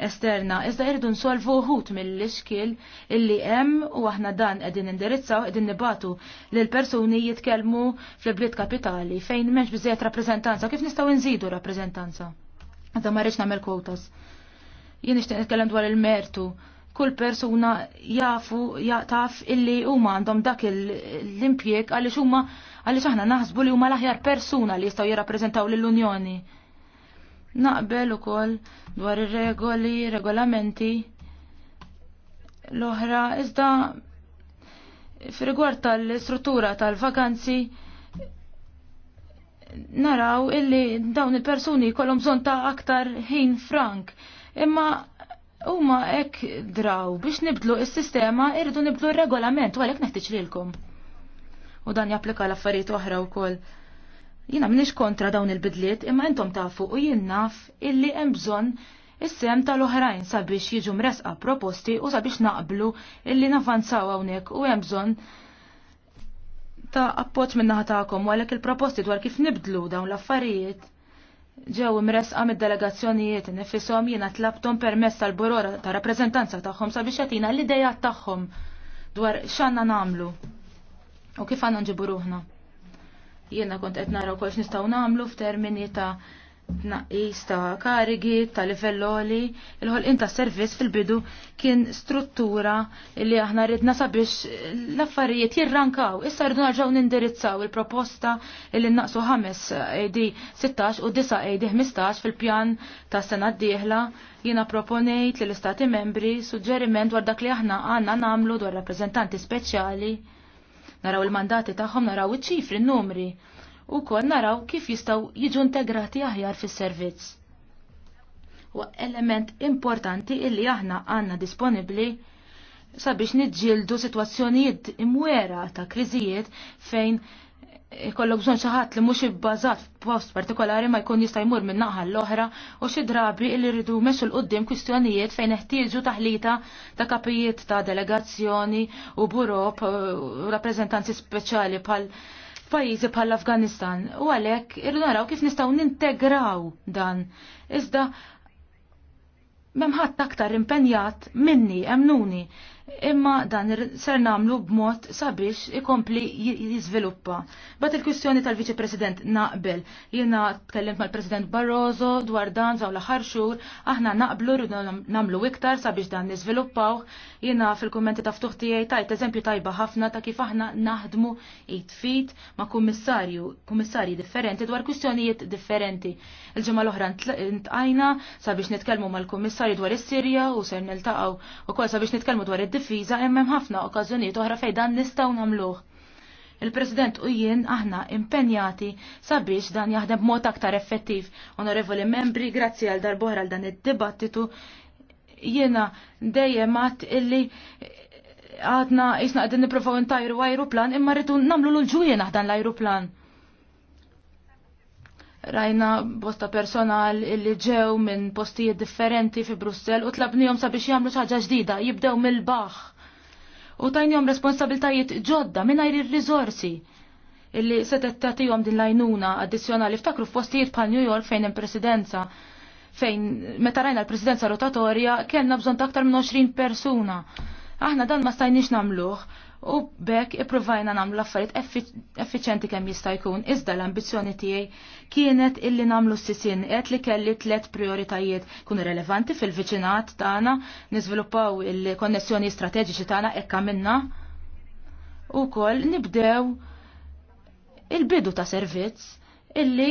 esterna, iżda irridu nsolvu uħut mill-iskil illi hemm u aħna dan qegħdin indirizzaw qegħdin nibatu lil persuni jitkellmu fl-bliet kapitali fejn m'hemmx biżejjed rappreżentanza, kif nistgħu nżidu rappreżentanza? Għadda ma rridx nagħmel kwotas. Jien nixtieq nitkellem dwar il-mertu. Kull persuna jafu, jaqtaf illi huma għandhom dak l impjieg għaliex huma għaliex aħna naħsbu li huma l-aħjar persuna li jistgħu jirrappreżentaw lill-Unjoni. Naqbel ukoll dwar ir-regoli, regolamenti l-oħra iżda f'rigward tal-struttura tal-vakanzi naraw illi dawn il-persuni kolom bżonn ta' aktar ħin frank. Imma huma hekk draw biex nibdlu is-sistema irridu nibdlu r-regolament u għalhekk neħtieġ lilkom. U dan japplika l-affarijiet oħra wkoll. Jina minix kontra dawn il-bidliet imma intom tafu u jien naf illi hemm bżonn is-sem tal-oħrajn sabiex jiġu mresqa proposti u sabiex naqblu illi navanzaw hawnhekk u hemm bżonn ta' appoġġ min-naħa tagħkom u għalhekk il-proposti dwar kif nibdlu dawn l-affarijiet ġew imresqa mid-delegazzjonijiet nifisom jiena tlabtom permess tal-burora ta' rappreżentanza tagħhom sabiex jagħtina l-idejat tagħhom dwar x'għandna nagħmlu u kif għandna nġibu ruħna. Jiena kont qed nara wkoll nistgħu nagħmlu f'termini ta' tnaqqis ta' karigi, ta' livelloli, il ħol inta servizz fil-bidu kien struttura li aħna ridna sabiex l-affarijiet jirrankaw. Issa rridu narġgħu nindirizzaw il-proposta li naqsu ħames AD 16 u 9 AD 15 fil-pjan ta' sena d-dieħla jiena proponejt li l-istati membri suġġeriment dwar dak li aħna għandna nagħmlu dwar rappreżentanti speċjali naraw il-mandati tagħhom, naraw iċ-ċifri, n-numri, u kol naraw kif jistaw jiġu integrati aħjar fis-servizz. U element importanti illi aħna għanna disponibli sabiex nidġildu situazzjonijiet imwera ta' kriżijiet fejn ikollok bżon xaħat li mux ibbażat f'post partikolari ma jkun jista' jmur minn naħa l-oħra u xi drabi li rridu mesu l qoddim kwistjonijiet fejn neħtieġu taħlita ta' kapijiet ta' delegazzjoni u burop eh, u rappreżentanzi speċjali bħal pajjiżi bħal Afganistan u għalhekk irridu naraw kif nistgħu nintegraw dan. Iżda memħat aktar impenjat minni, emnuni, imma dan ser namlu b'mod sabiex ikompli jizviluppa. Bat il-kwistjoni tal-Viċi President naqbel, jiena tkellimt mal-President Barroso dwar dan zaw l-aħħar xhur, aħna naqblu rridu namlu iktar sabiex dan niżviluppaw, jiena fil-kummenti ta' ftuħ tiegħi tajt eżempju tajba ħafna ta' kif aħna naħdmu it fit ma' kummissarju, kummissarji differenti dwar kwistjonijiet differenti. Il-ġimgħa l-oħra ntqajna sabiex nitkellmu mal-kummissarju dwar is-Sirja u ser niltaqgħu ukoll sabiex nitkellmu dwar id difiża imma hemm ħafna okkażjonijiet oħra fejn dan nistgħu nagħmluh. Il-President u jien aħna impenjati sabiex dan jaħdem mod aktar effettiv. Onorevoli membri, grazzi għal darbohra għal dan id-dibattitu. Jiena dejjem għat illi għadna jisna għadin niprofaw intajru plan imma rridu namlu l-ġujien aħdan l plan. Rajna bosta personal illi ġew minn postijiet differenti fi Brussel u tlabnihom sabiex jagħmlu xi ħaġa ġdida, jibdew mill-baħ. U tajnihom responsabiltajiet ġodda mingħajr ir-riżorsi illi setet tatijom din lajnuna addizjonali ftakru f'postijiet bħal New York fejn hemm presidenza fejn meta rajna l-presidenza rotatorja kellna bżonn ta' aktar minn 20 persuna. Aħna dan ma stajniex nagħmluh u bekk ipprovajna nagħmlu affarijiet effiċenti kemm jista' jkun. Iżda l-ambizzjoni tiegħi kienet illi nagħmlu s-sisin qed li kelli tliet prioritajiet kunu relevanti fil-viċinat tagħna, niżviluppaw il-konnessjoni strateġiċi tagħna hekk minna. U koll nibdew il-bidu ta' servizz illi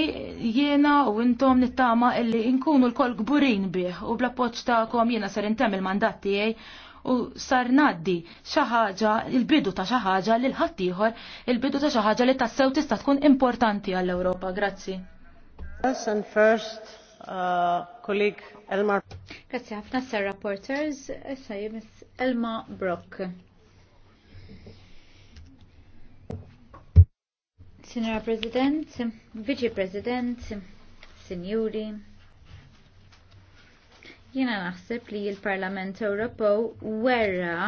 jiena u intom nittama illi nkunu l-kol gburin bih u bla poċ ta'kom jiena ser intem il-mandat tiegħi u sar naddi xi ħaġa il-bidu ta' xi ħaġa lil ħattijħor il-bidu ta' xi ħaġa li tassew tista' tkun importanti għall-Ewropa. Grazzi. And first, uh, Elmar. Grazzi ħafna sar rapporters, issa jemis Elma Brock. Signora President, Vice President, Signori, Jiena naħseb li l-Parlament Ewropew werra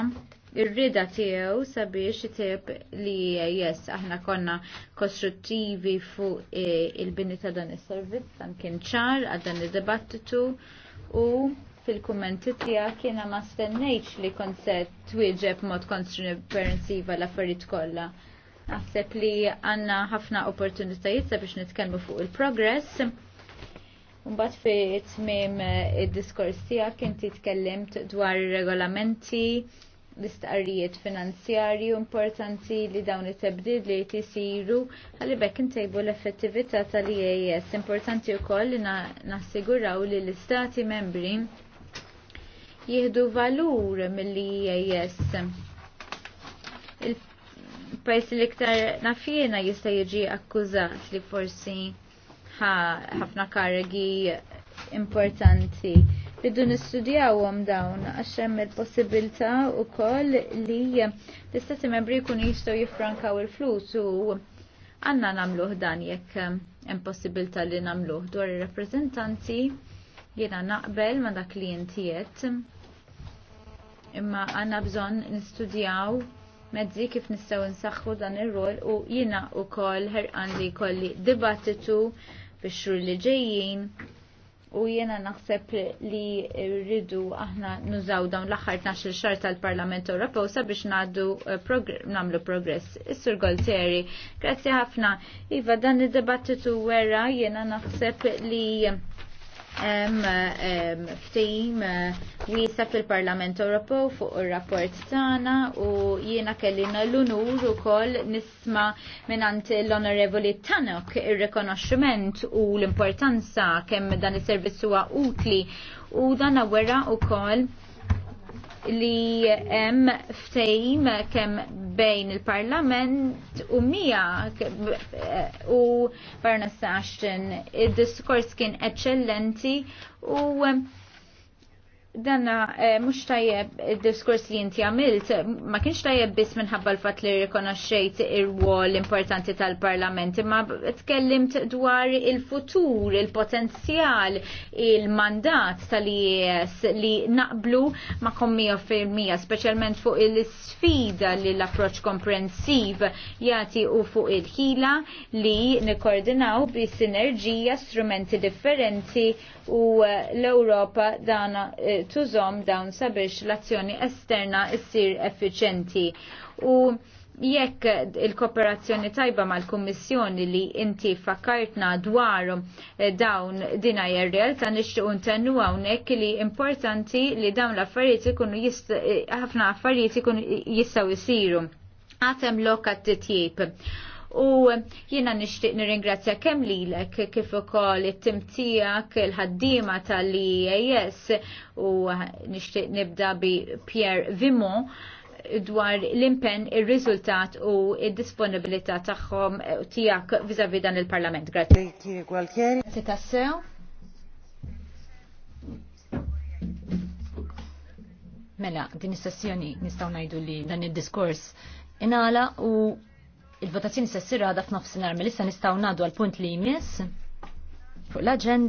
ir-rida tiegħu sabiex itib li jess aħna konna kostruttivi fuq e, il-bini ta' dan is-servizz dan kien ċar għal dan id-dibattitu u fil-kummenti tiegħek jiena ma stennejx li kont se twieġeb mod kontraprensiva l-affarijiet kollha. Naħseb li għandna ħafna opportunitajiet sabiex nitkellmu fuq il-progress Mbagħad fi tmiem eh, id-diskors tiegħek inti tkellimt dwar ir regolamenti l-istqarrijiet finanzjarji importanti li dawn it-tebdil li tisiru għalli bekk intejbu l-effettività tal-IAS. Importanti wkoll li nassiguraw li l-istati membri jieħdu valur mill-IAS. Il-pajs li iktar nafjena jista' jiġi akkużat li forsi ħafna kargi importanti. Bidu nistudjawhom dawn għax hemm il-possibilità wkoll li l-istati membri jkunu jistgħu jiffrankaw il-flus u għandna nagħmluh dan jekk hemm possibilità li nagħmluh dwar ir-rappreżentanti jiena naqbel ma dak li intiet imma għandna bżonn nistudjaw mezzi kif nistgħu nsaħħu dan ir-rol u jiena wkoll ħerqan li jkolli dibattitu Bixxur li ġejjin u jiena naħseb li rridu aħna nużaw dawn l-aħħar 12 xar tal-Parlament Ewropew sabiex ngħaddu eh, nagħmlu progress. Is-Sur Goltieri, grazzi ħafna. Iva dan id-dibattitu wera jiena naħseb li hemm ehm, ftehim eh, wiesa fil-Parlament Ewropew fuq ir-rapport tagħna u jiena kelli l-unur ukoll nisma' mingħand l-Onorevoli Tanok ir-rikonoxximent u l-importanza kemm dan is-servizz huwa utli u dan wera ukoll li hemm ftehim kemm bejn il-Parlament u mija u Barnes Ashton. Id-diskors kien eċċellenti u danna eh, mux tajjeb il-diskors li inti għamilt, ma kienx tajjeb bis minħabba l-fat li rikonoxxejt il-wol importanti tal-parlament, ma tkellimt dwar il-futur, il-potenzjal, il-mandat tal-IES li naqblu ma kommi firmija, specialment fuq il-sfida li l-approċ komprensiv jati u fuq il-ħila li nikordinaw bi sinerġija strumenti differenti u l-Europa dana eh, tużom dawn sabiex l-azzjoni esterna issir effiċenti. U jekk il-kooperazzjoni tajba mal-Kummissjoni li inti fakkartna dwar eh, dawn dina jirrel ta' nixtiqu ntennu hawnhekk li importanti li dawn l-affarijiet ikunu eh, ħafna affarijiet ikunu jistgħu jsiru. Għatem lokat titjib u jiena nixtieq nirringrazzja kemm lilek kif ukoll it-tim tiegħek il-ħaddiema tal-IAS u nixtieq nibda bi Pierre Vimon dwar l-impen, il-riżultat u il-disponibilità tagħhom tiegħek viżavi dan il-Parlament. Grazie. Grazie tassew. Mela, din is-sessjoni nistgħu ngħidu li dan id-diskors inala u Il-votazzjoni se ssir għada f'nofsinhar l issa nistgħu ngħadu għal punt li jmiss fuq l agenda